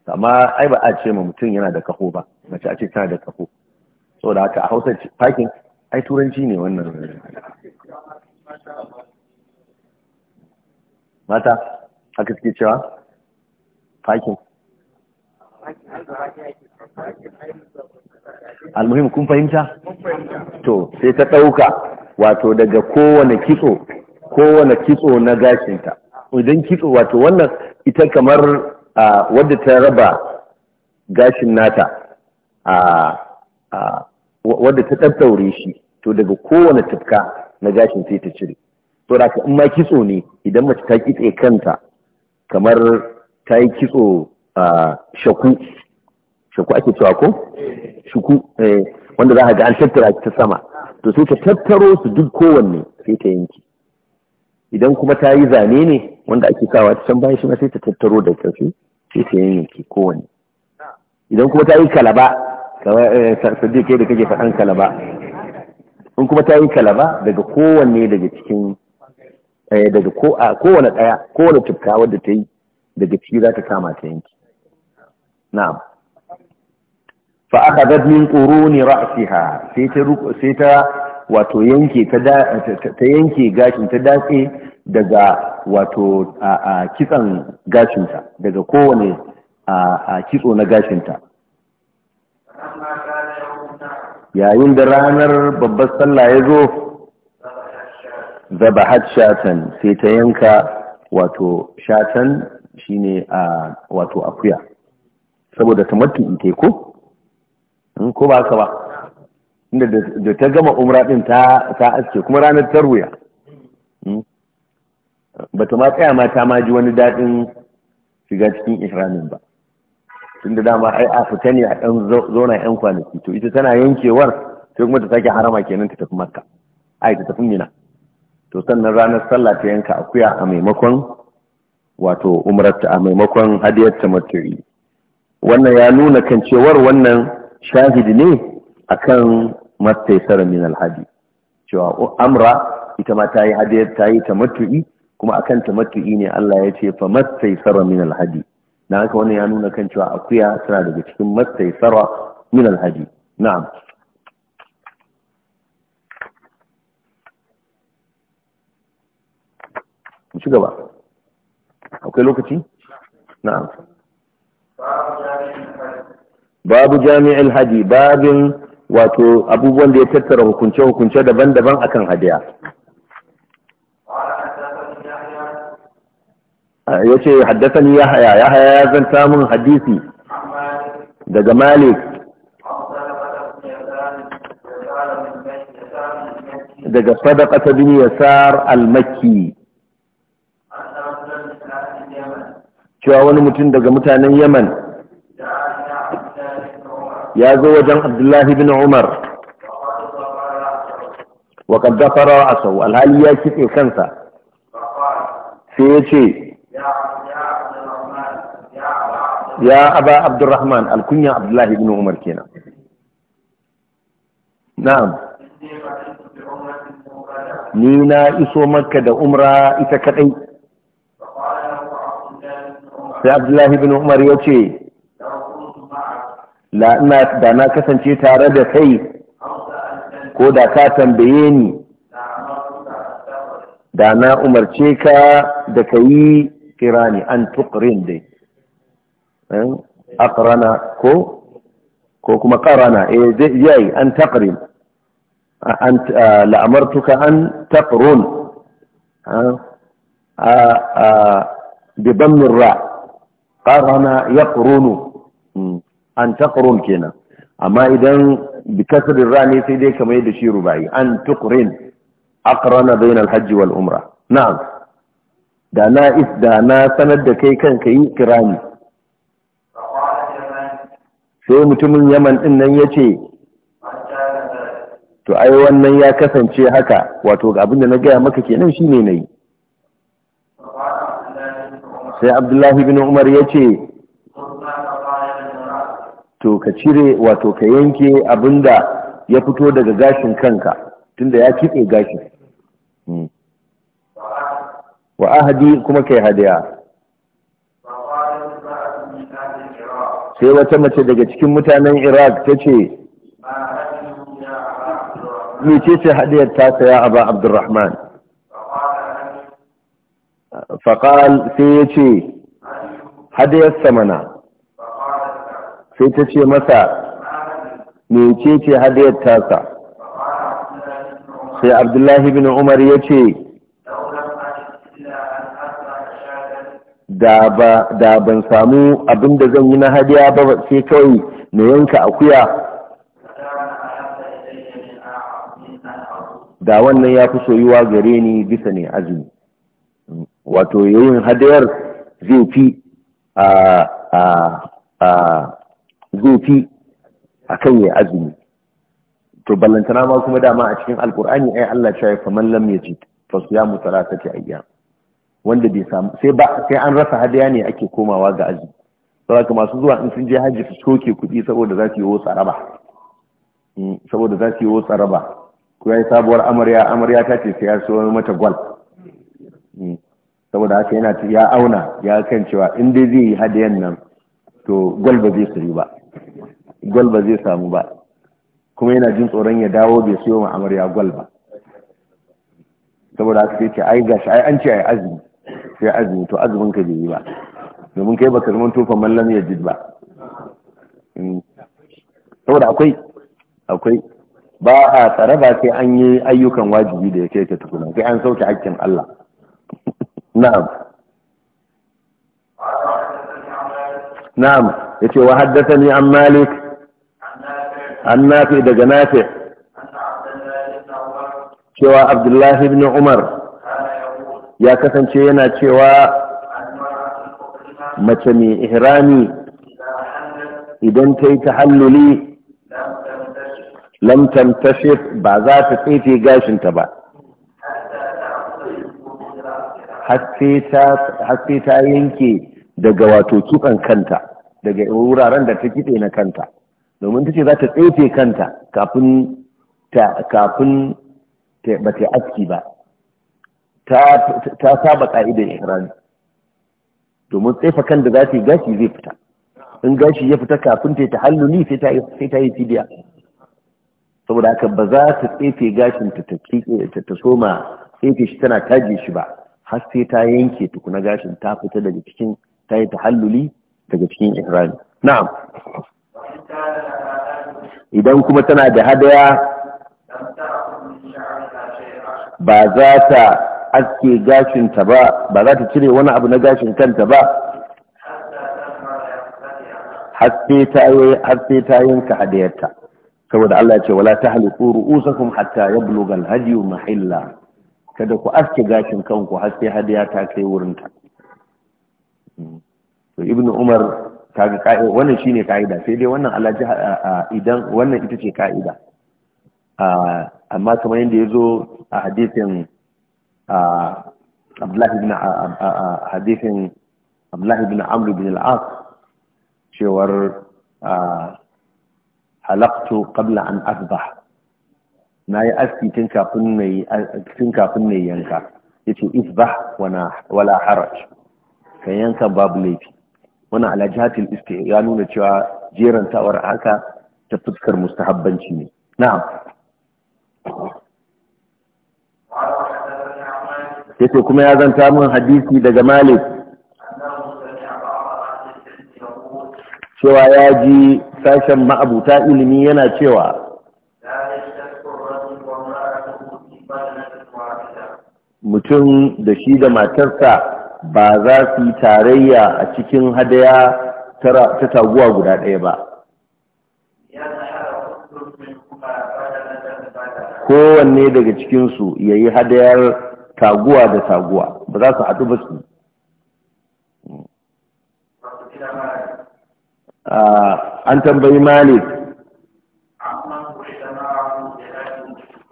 amma ai ba a ce ma mutum yana da kaho ba mace a ce tana da kaho saboda haka a Hausa fakin ai turanci ne wannan mata haka suke cewa fakin almuhim kun fahimta to sai ta ɗauka wato daga kowane kitso kowane kitso na gashinta idan kitso wato wannan ita kamar wadda ta raba gashin nata wadda ta ɗaɗɗaure shi to daga kowane tufka na gashin sai ta cire to da in ma kitso ne idan mace ta kitse kanta kamar ta yi kitso a shaku shaku ake cewa ko shuku eh, wanda za ka ga an tattara ta sama to sai ta tattaro su duk kowanne sai ta yanki idan kuma ta yi zane ne wanda ake sawa ta can bayan shi sai ta tattaro da ƙarfi sai ta yanki kowanne idan kuma ta yi kalaba kamar eh, sadiq da kake faɗan kalaba in kuma ta yi kalaba daga kowanne daga cikin eh, daga kowane ɗaya kowane tukka wadda ta yi daga ciki za ta kama ta yanki na'am fa aka zad min quruni ra'siha sai ta sai ta wato yanke ta ta yanke gashin ta datse daga wato a kitsan gashinta daga kowane a kitso na gashinta yayin da ranar babbar sallah ya zo zabahat shatan sai ta yanka wato shatan shine a wato akuya saboda tamattu kai ko in hmm, ko ba ka ba inda da ta gama umra din ta ta aske kuma ranar tarwiya hmm. bata ma tsaya ma ta ma ji wani daɗin shiga cikin ihramin ba tun da dama ai a fita ne a ɗan zona yan kwanaki to ita tana yankewar sai kuma ta sake harama kenan ta tafi makka ai ta tafi mina to sannan ranar sallah ta yanka akuya a maimakon wato umrarta a maimakon hadiyar tamattu'i wannan ya nuna kan cewar wannan shahidi ne akan mastaisar min alhadi cewa amra ita ma ta yi hadiyar ta yi ta matu'i kuma akan ta matu'i ne Allah ya ce fa mastaisar min alhadi da haka wannan ya nuna kan cewa akuya tana daga cikin tsara min alhaji na'am shi gaba akwai lokaci na'am babu jami'in haji babin wato abubuwan da ya tattara hukunce-hukunce daban-daban akan hadiya ya ce haddasani ya haya ya ya zanta min hadisi daga malik daga sadaka ta bin yasar al-makki cewa wani mutum daga mutanen yaman ya zo wajen abdullahi bin umar wa kaddafara a sau alhali ya kitse kansa sai ya ce ya aba abdurrahman alkunya abdullahi ibn umar kenan na'am ni na iso maka da umra ita kadai sai abdullahi ibn umar ya ce da na kasance tare da kai ko da ta tambaye ni da na umarce ka da ka yi kirani an tukurin dai Eh? aqrana ko ko kuma qarana eh yi an taqrin an la'amartuka an taqrun a bi dammin ra qarana yaqrunu hmm. an taqrun kenan amma idan bi kasrin ra ne sai dai kamar yadda shi rubayi an tuqrin aqrana bainal hajji wal umra na'am da na is da na sanar da kai kanka yi kirani sai mutumin yaman din nan ya ce to ai wannan ya kasance haka wato abin da na gaya maka kenan shine na yi sai abdullahi bin umar ya ce to ka cire wato ka yanke abinda ya fito daga gashin kanka tunda ya kitse gashin hmm. wa ahadi kuma kai hadiya sai wata mace daga cikin mutanen iraq ta ce mece ce hadiyar ta saya a ba abdurrahman faƙal sai ya ce hadiyar samana sai ta ce masa mece ce hadiyar ta sa sai abdullahi bin umar ya ce da ban samu abin da zan yi na hadiya ba sai kawai na yanka akuya da wannan ya fi soyuwa gare ni bisa ne azumi wato yayin hadiyar zai fi a kan yi azumi to ballantana ma kuma dama a cikin alkur'ani ai Allah ya fa man lam yajid fa siyamu thalathati ayyam wanda bai samu sai ba sai an rasa hadaya ne ake komawa ga azumi saboda masu zuwa in sun je hajji su soke kuɗi saboda za su yi wasu araba hmm, saboda za su yi wasu araba ko yayi sabuwar amarya amarya ta ce sai ya so mata gwal hmm, saboda haka yana ya auna ya kan cewa in dai zai yi hadiyan nan to gwal ba zai suri ba gwal ba zai samu ba kuma yana jin tsoron ya dawo bai siyo ma amarya gwal ba saboda haka sai ce ai gashi ai an ce ai azumi sai azumi to azumin ka bai yi ba domin kai baka zama tofa mallam ya jid ba hmm. saboda akwai akwai ba a tsare ba sai an yi ayyukan wajibi da ya kai ta tukuna sai an sauke hakkin Allah na'am na'am yace wa haddathani an malik an nafi daga nafi cewa abdullahi ibn umar ya kasance yana cewa mace mai ihrami idan ta yi tahalluli ta tamtashif ba za ta tsefe gashinta ba haske ta yanke daga wato kitsan kanta daga wuraren da ta kitse na kanta domin ta ce za ta tsefe kanta kafin ta ba ta aski ba ta saba ka'idar ihrami domin tsefa kan da za ta yi gashi zai fita in gashi ya fita kafin ta yi ta halluli sai ta yi fidiya saboda haka ba za ta tsefe gashin ta ta soma tsefe shi tana taje shi ba har sai ta yanke tukuna gashin ta fita daga cikin ta yi ta halluli daga cikin ihrami na'am idan kuma tana da hadaya ba za ta aske gashinta ba ba za ta cire wani abu na gashin kanta ba haske ta yi haske ta yanka hadayarta saboda Allah ya ce wala tahliqu ru'usakum hatta yablugha al-hadyu mahilla kada ku aske gashin kanku har sai hadiya ta kai wurin ta to ibnu umar kaga kai wannan shine kaida sai dai wannan Allah idan wannan ita ce kaida amma kamar yadda yazo a hadisin abdullahi hadisin abdullahi bin amru bin al'as cewar halaktu qabla an asbah na yi aski tun kafin mai yanka ya ce isba wala haraj ka yanka babu laifi wani alajatil iske ya nuna cewa jerantawar haka ta fuskar mustahabbanci ne na yace kuma ya zanta min hadisi daga Malik cewa ya ji sashen ma'abuta ilimi yana cewa mutum da shi da matarsa ba za su yi tarayya a cikin hadaya ta taguwa guda ɗaya ba kowanne daga cikinsu ya yi hadayar taguwa da taguwa ba za su haɗu ba su an tambayi malik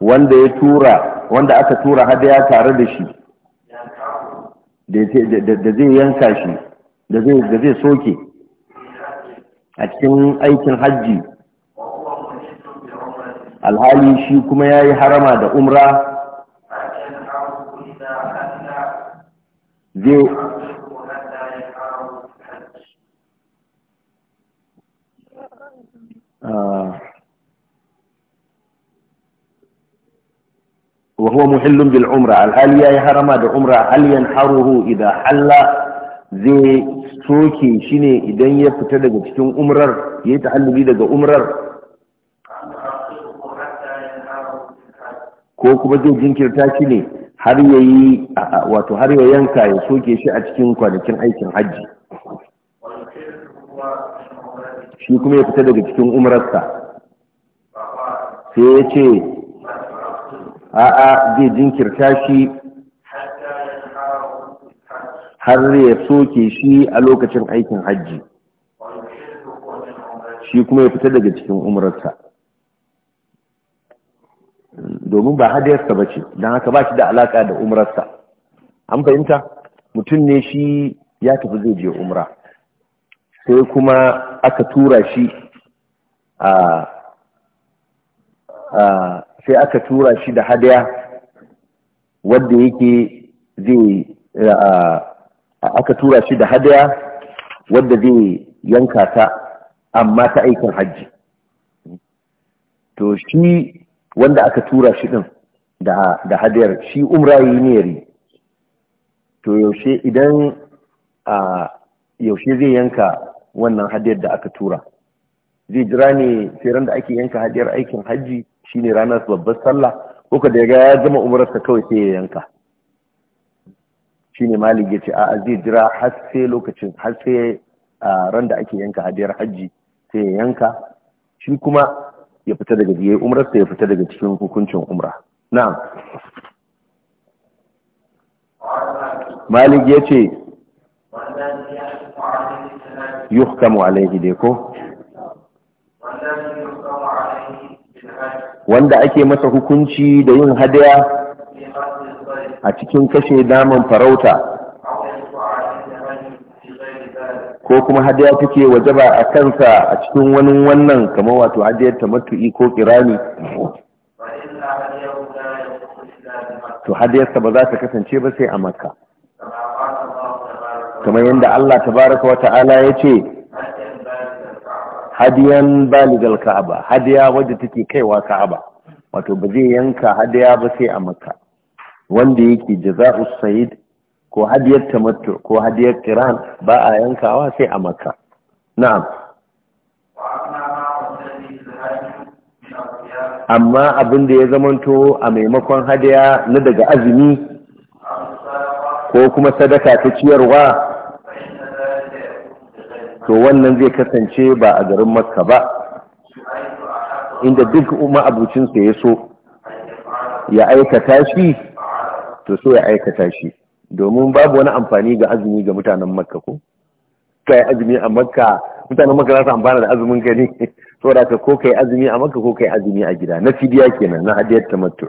wanda ya tura wanda aka tura hadaya tare da shi da zai yanka shi da zai soke a cikin aikin hajji alhali shi kuma ya yi harama da umra biyu وهو محل بالعمرة الهل يا حرم ده عمرة هل ينحره إذا حل zai soke shi ne idan ya fita daga cikin umrar ya yi ta'allubi daga umrar ko kuma zai jinkirta ne har ya yi wato har ya yanka ya soke shi a cikin kwanakin aikin hajji shi kuma ya fita daga cikin umararsa sai ya ce a'a zai jinkirta shi har ya soke shi a lokacin aikin hajji shi kuma ya fita daga cikin umararsa domin ba hadiyarsa ba ce don haka ba shi da alaƙa da umrarsa an fahimta mutum ne shi ya tafi zai je umra sai kuma aka tura shi a sai aka tura shi da hadaya wadda yake zai aka tura shi da hadaya wadda zai yanka ta amma ta aikin hajji to shi wanda aka tura shi ɗin da hadiyar shi umra yi ne to yaushe idan a yaushe zai yanka wannan hadiyar da aka tura zai jira ne sai ran ake yanka hadiyar aikin hajji shine ranar babbar sallah ko da ya ga ya zama umararsa kawai sai ya yanka shine malik ya ce a zai jira har sai lokacin har sai ran ake yanka hadiyar hajji sai ya yanka shi kuma ya fita daga yayi umrarsa ya fita daga cikin hukuncin umra na'am malik ya ce, yuhkamu alaihi dai ko wanda ake masa hukunci da yin hadaya a cikin kashe naman farauta ko kuma hadiya take wajaba a kansa a cikin wani wannan kamar wato hadiyar tamattu'i ko kirani to hadiyarsa ba za ta kasance ba sai a makka kamar yadda Allah tabaraka wa ta'ala ya ce hadiyan baligal ka'aba hadiya wadda take kaiwa ka'aba wato ba zai yanka hadiya ba sai a makka wanda yake jaza'us sayyid ko hadiyar tamattu ko hadiyar kiran ba a yankawa sai a makka na'am amma abin da ya zamanto a maimakon hadiya na daga azumi ko kuma sadaka ta ciyarwa to wannan zai kasance ba a garin makka ba inda duk ma'abucinsa ya so ya aikata shi to so ya aikata shi domin babu wani amfani ga azumi ga mutanen makka ko kai azumi a makka mutanen makka za su amfana da azumin ka ne saboda ka ko kai azumi a makka ko kai azumi a gida na fidiya kenan na hadiyar tamattu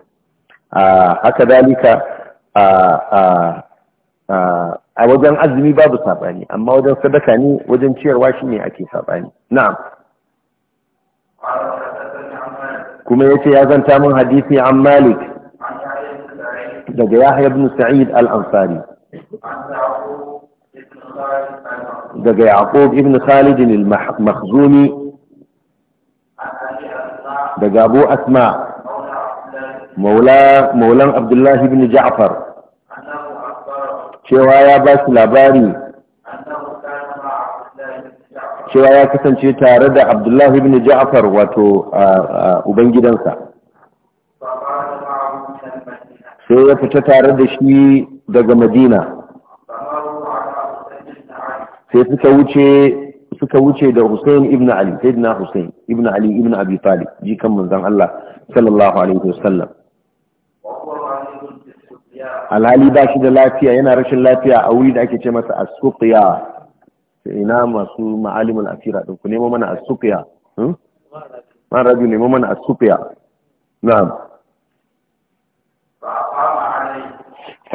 a haka dalika a a wajen azumi babu sabani amma wajen sadaka ne wajen ciyarwa shi ne ake sabani na'am kuma yace ya zanta mun hadisi an malik daga Yahya ibn Sa'id al-Ansari daga Yaqub ibn Khalid al-Makhzumi daga Abu Asma maulan Abdullah ibn Ja'far cewa ya ba labari cewa ya kasance tare da Abdullah ibn Ja'far wato ubangidansa sai ya fita tare da shi daga madina sai suka wuce suka wuce da Hussein ibn Ali sayyidina Hussein ibn Ali ibn Abi Talib jikan manzon Allah sallallahu alaihi wasallam alhali ba shi da lafiya yana rashin lafiya a wuri da ake ce masa asuqiya sai ina masu ma'alimul asira din ku nemo mana asuqiya hmm ma rabi nemo mana asuqiya na'am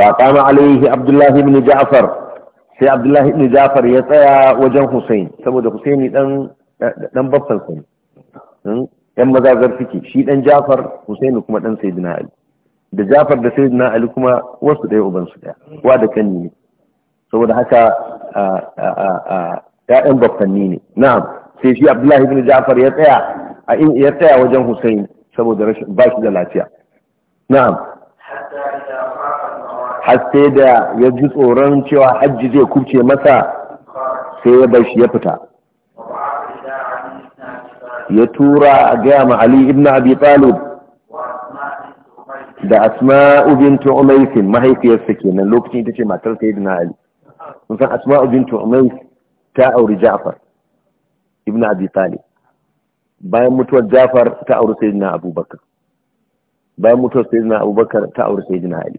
فقام عليه عبد الله بن جعفر sai abdullahi الله jafar ya tsaya wajen hussein saboda hussein dan dan babban sa ne yan shi dan jafar hussein kuma dan sayyidina ali da jafar da na ali kuma wasu ɗaya uban su ɗaya wa da kanni ne saboda haka ya'yan babbanni ne na'am sai shi abdullahi bin jafar ya tsaya a ya tsaya wajen hussein saboda rashin ba shi da lafiya na'am har sai da ya ji tsoron cewa hajji zai kubce masa sai ya bar shi ya fita ya tura a gaya ma Ali ibn Abi Talib da Asma'u bint Umaysin mahaifiyarsa kenan lokacin ita ce matar Sayyidina Ali sun san Asma'u bint Umays ta auri Ja'far ibn Abi Talib bayan mutuwar Ja'far ta auri Sayyidina Abubakar bayan mutuwar Sayyidina Abubakar ta auri Sayyidina Ali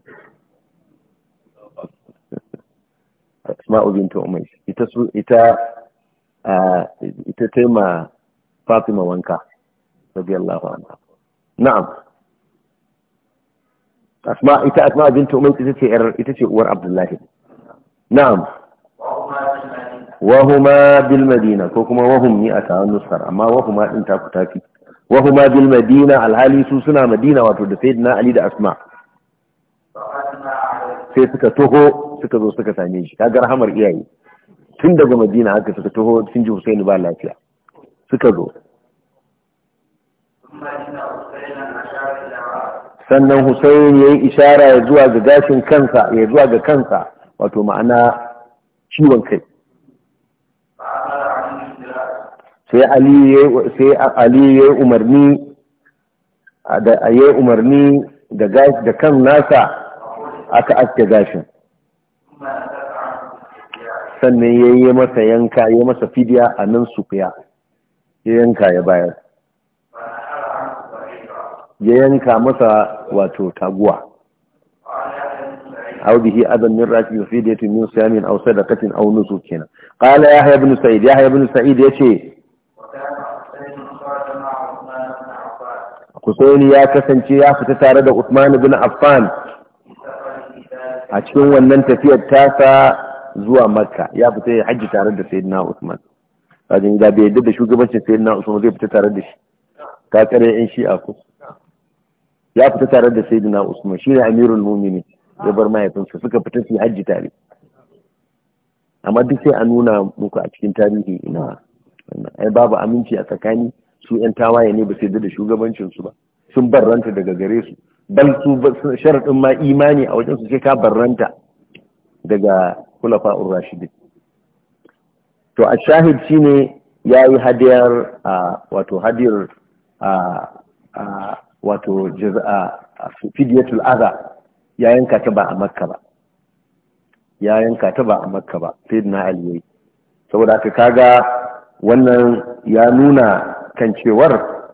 asma'u bintu umais ita su ita ita ta ma fatima wanka radiyallahu anha na'am asma ita asma bintu umais ita ce ita ce uwar abdullahi na'am wahuma bil madina ko a tawon nusar amma wahuma din ta kutafi wahuma bil alhali su suna madina wato da sayyidina ali da asma sai suka toho suka zo suka same shi kaga rahamar iyaye tun daga madina haka suka taho sun ji husaini ba lafiya suka zo sannan husaini ya yi ishara ya zuwa ga gashin kansa ya zuwa ga kansa wato ma'ana ciwon kai sai ali ya yi umarni da kan nasa aka aske gashin sannan ya yi masa yanka ya masa fidya a nan su sufiya ya yanka ya bayar ya yanka masa wato taguwa A aw bihi adan min rafi fi diyati min siyamin aw sadaqatin aw nusuk na qala ya hayy ibn sa'id ya hayy ya ce. Ku kusaini ya kasance ya fita tare da Uthman ibn Affan a cikin wannan tafiyar tasa zuwa makka ya fita ya hajji tare da sayyidina usman kajin da bai yadda da shugabancin sayyidina usman zai fita tare da shi ta tsare yan shi'a ko ya fita tare da sayyidina usman shi ne amirul mumini ya bar mahaifinsa suka fita su hajji tare amma duk sai a nuna muku a cikin tarihi ina ai babu aminci a tsakani su yan tawaye ne ba su yadda da shugabancin su ba sun barranta daga gare su bal su sharaɗin ma imani a wajen su sai ka barranta daga kulafa'ur rashidin to a shahid shine yayi hadiyar wato hadiyar wato a fidiyatul adha ya yanka ta ba a makka ba ya yanka ta ba a makka ba sayyidina ali yayi saboda aka kaga wannan ya nuna kan cewar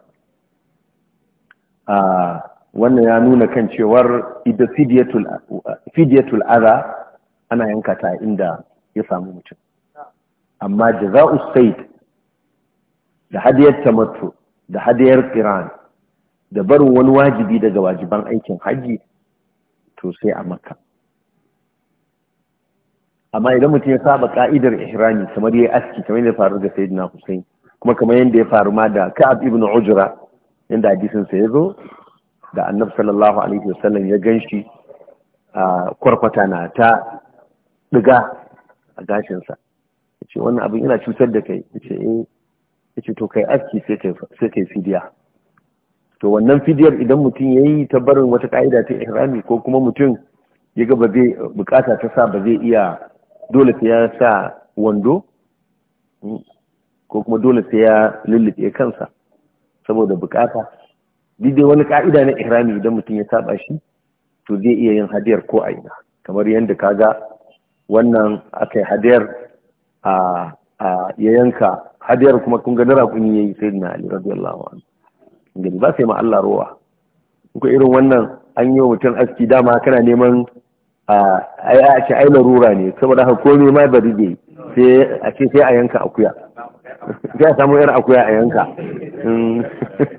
wannan ya nuna kan cewar idda fidiyatul adha ana yanka ta inda ya samu mutum amma jaza'u sayd da hadiyar tamattu da hadiyar qiran da barin wani wajibi daga wajiban aikin haji to sai a makka amma idan mutum ya saba ka'idar ihrami kamar yayi aski kamar yadda faru da sayyidina Husayn, kuma kamar yadda ya faru ma da Ka'ab ibn Ujra yadda hadisin sa yazo da Annabi sallallahu alaihi wasallam ya ganshi a kwarkwata na ta diga a gashinsa ya ce wannan abin yana cutar da kai ya ce eh. to kai aski sai kai fidiya to wannan fidiyar idan mutum ya yi ta barin wata ka'ida ta ihrami ko kuma mutum ya ga ba zai bukata ta sa ba zai iya dole sai ya sa wando hmm, ko kuma dole sai ya lullube kansa saboda bukata dai wani ƙa'ida na ihrami idan mutum ya saba shi to zai iya yin hadiyar ko a ina kamar yadda ka ga. wannan aka yi hadiyar a ya yanka hadiyar kuma kun gani raƙun ya yi sai na ali radiyallahu anhu gani ba sai ma Allah ruwa kuka irin wannan an yi mutum aski dama kana neman a a ce ai larura ne saboda haka komai ma ba dige sai a ce sai a yanka akuya sai a samu yar akuya a yanka hmm.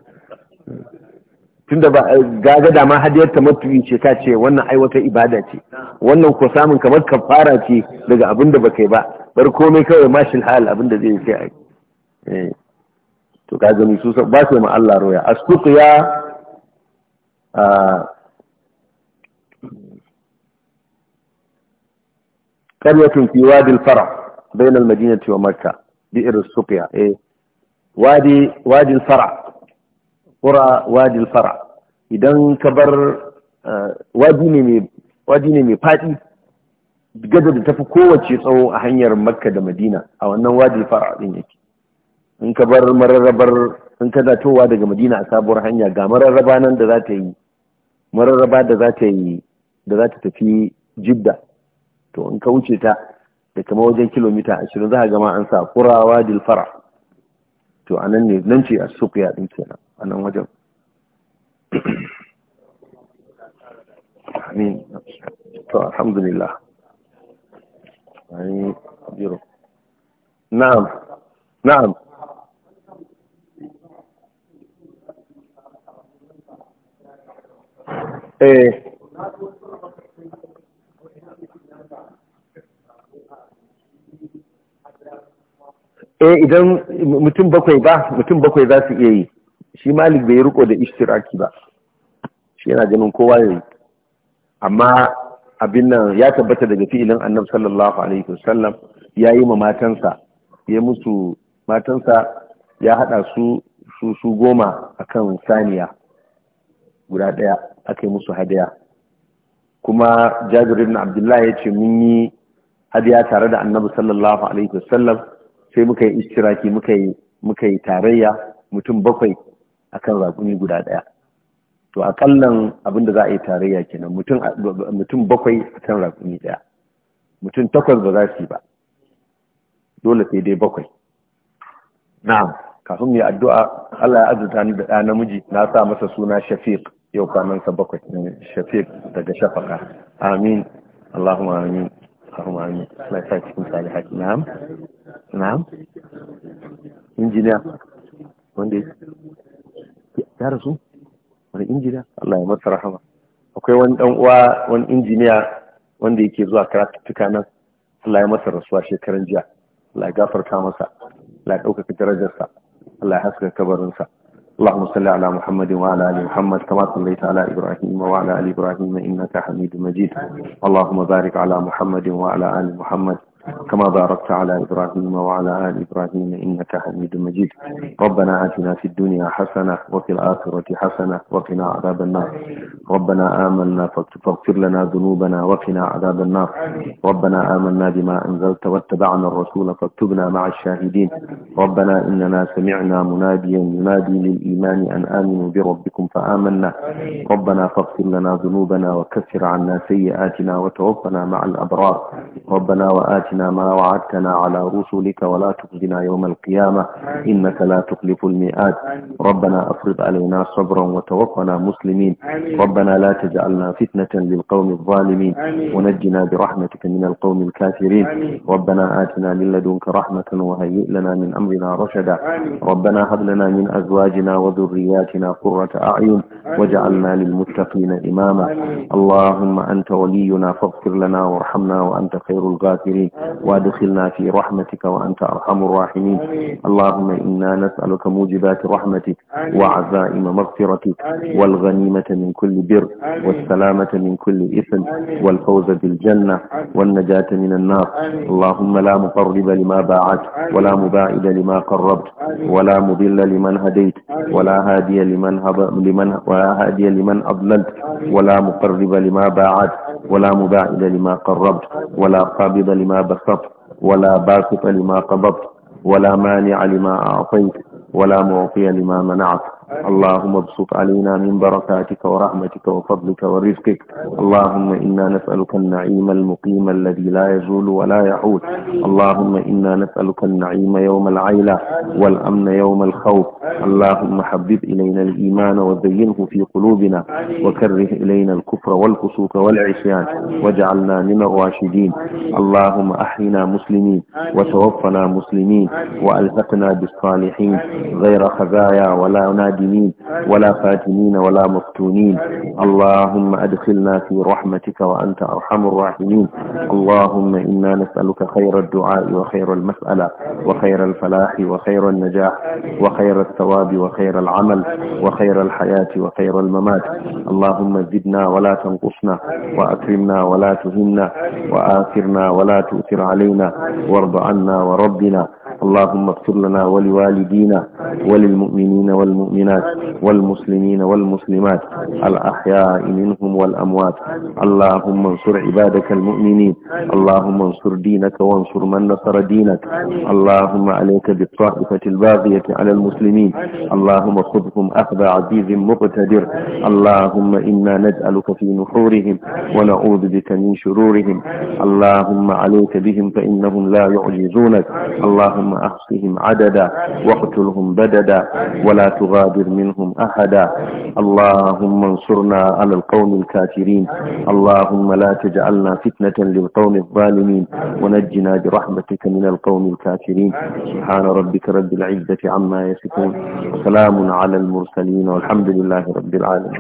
tunda ba gaga dama ma ta mafi ce ka ce wannan ai wata ibada ce wannan ko samun kamar kafara ce daga abin da baka yi ba bar komai kawai mashin hal abin da zai kai ai eh. to ka gani su ba su ma Allah roya ya. a qaryatun fi wadi al-fara bain al-madinati wa makkah bi suqya eh wadi wadi al-fara ƙura wajin fara idan ka bar eh, wadi ne mai faɗi, gada da tafi kowace tsawo a hanyar makka da madina a wannan wajin fara ɗin yake in ka bar mararrabar in ka zatowa daga madina a sabuwar hanya ga mararraba nan da za ta yi mararraba da za ta yi da za ta tafi jidda to in ka wuce ta da kama wajen kilomita ashirin za a gama an sa kurawa dilfara to a nan ne nan ce a sukuya ɗin kenan a nan wajen amin to alhamdulillah ayin biro na'am na'am eh eh idan mutum bakwai ba mutum bakwai za su iya yi shi malik bai riko da ishtiraki ba shi yana ganin kowa ya amma abin nan ya tabbata daga fi'ilin annab sallallahu alaihi wasallam ya yi ma matansa ya musu matansa ya hada su su su goma akan saniya guda daya aka yi musu hadaya kuma jabir ibn abdullahi ya ce mun yi hadiya tare da annabi sallallahu alaihi wasallam sai muka yi ishtiraki muka yi muka yi tarayya mutum bakwai akan raƙumi guda ɗaya to a kallon abin da za a yi tarayya kenan mutum bakwai akan raƙumi ɗaya mutum takwas ba za su yi ba dole sai dai bakwai na'am kafin mai addu'a Allah ya azurta ni da ɗa namiji na sa masa suna shafiq yau kwanansa bakwai shafiq daga shafaka amin Allahumma amin Allahumma amin Allah ya sa cikin salihati na'am na'am injiniya wanda ya rasu wani injiniya Allah ya masa rahama akwai wani dan uwa wani injiniya wanda yake zuwa karatuttuka nan Allah ya masa rasuwa shekaran jiya Allah ya gafarta masa Allah ya dauka darajar sa Allah ya haska kabarin kabarinsa اللهم صل على محمد وعلى آل محمد كما صليت على إبراهيم وعلى آل إبراهيم إنك حميد مجيد اللهم بارك على محمد وعلى آل محمد كما باركت على إبراهيم وعلى آل إبراهيم إنك حميد مجيد ربنا آتنا في الدنيا حسنة وفي الآخرة حسنة وقنا عذاب النار ربنا آمنا فاغفر لنا ذنوبنا وقنا عذاب النار ربنا آمنا بما أنزلت واتبعنا الرسول فاكتبنا مع الشاهدين ربنا إننا سمعنا مناديا ينادي للإيمان أن آمنوا بربكم فآمنا ربنا فاغفر لنا ذنوبنا وكفر عنا سيئاتنا وتوفنا مع الأبرار ربنا وآتنا واتنا ما وعدتنا على رسلك ولا تخزنا يوم القيامة إنك لا تخلف الميعاد ربنا أفرض علينا صبرا وتوفنا مسلمين ربنا لا تجعلنا فتنة للقوم الظالمين ونجنا برحمتك من القوم الكافرين ربنا آتنا من لدنك رحمة وهيئ لنا من أمرنا رشدا ربنا هب لنا من أزواجنا وذرياتنا قرة أعين واجعلنا للمتقين إماما اللهم أنت ولينا فاغفر لنا وارحمنا وأنت خير الغافرين وادخلنا في رحمتك وأنت أرحم الراحمين اللهم إنا نسألك موجبات رحمتك وعزائم مغفرتك والغنيمة من كل بر والسلامة من كل إثم والفوز بالجنة والنجاة من النار اللهم لا مقرب لما باعت ولا مباعد لما قربت ولا مضل لمن هديت ولا هادي لمن هب... لمن ولا هادي لمن أضللت ولا مقرب لما باعت ولا مباعد لما قربت ولا قابض لما بسطت ولا باسط لما قبضت ولا مانع لما أعطيت ولا معطي لما منعت اللهم ابسط علينا من بركاتك ورحمتك وفضلك ورزقك اللهم إنا نسألك النعيم المقيم الذي لا يزول ولا يعود اللهم إنا نسألك النعيم يوم العيلة والأمن يوم الخوف اللهم حبب إلينا الإيمان وزينه في قلوبنا وكره إلينا الكفر والفسوق والعصيان واجعلنا من الراشدين اللهم أحينا مسلمين وتوفنا مسلمين وألحقنا بالصالحين غير خزايا ولا نادي قادمين ولا فاتنين ولا مفتونين اللهم أدخلنا في رحمتك وأنت أرحم الراحمين اللهم إنا نسألك خير الدعاء وخير المسألة وخير الفلاح وخير النجاح وخير الثواب وخير العمل وخير الحياة وخير الممات اللهم زدنا ولا تنقصنا وأكرمنا ولا تهنا وآثرنا ولا تؤثر علينا وارض عنا وربنا اللهم اغفر لنا ولوالدينا وللمؤمنين والمؤمنات والمسلمين والمسلمات الأحياء منهم والأموات اللهم انصر عبادك المؤمنين اللهم انصر دينك وانصر من نصر دينك اللهم عليك بالطائفة الباغية على المسلمين اللهم خذهم أخذ عزيز مقتدر اللهم إنا نسألك في نحورهم ونعوذ بك من شرورهم اللهم عليك بهم فإنهم لا يعجزونك اللهم اللهم أحصهم عددا واقتلهم بددا ولا تغادر منهم أحدا اللهم انصرنا على القوم الكافرين اللهم لا تجعلنا فتنة للقوم الظالمين ونجنا برحمتك من القوم الكافرين سبحان ربك رب العزة عما يصفون سلام على المرسلين والحمد لله رب العالمين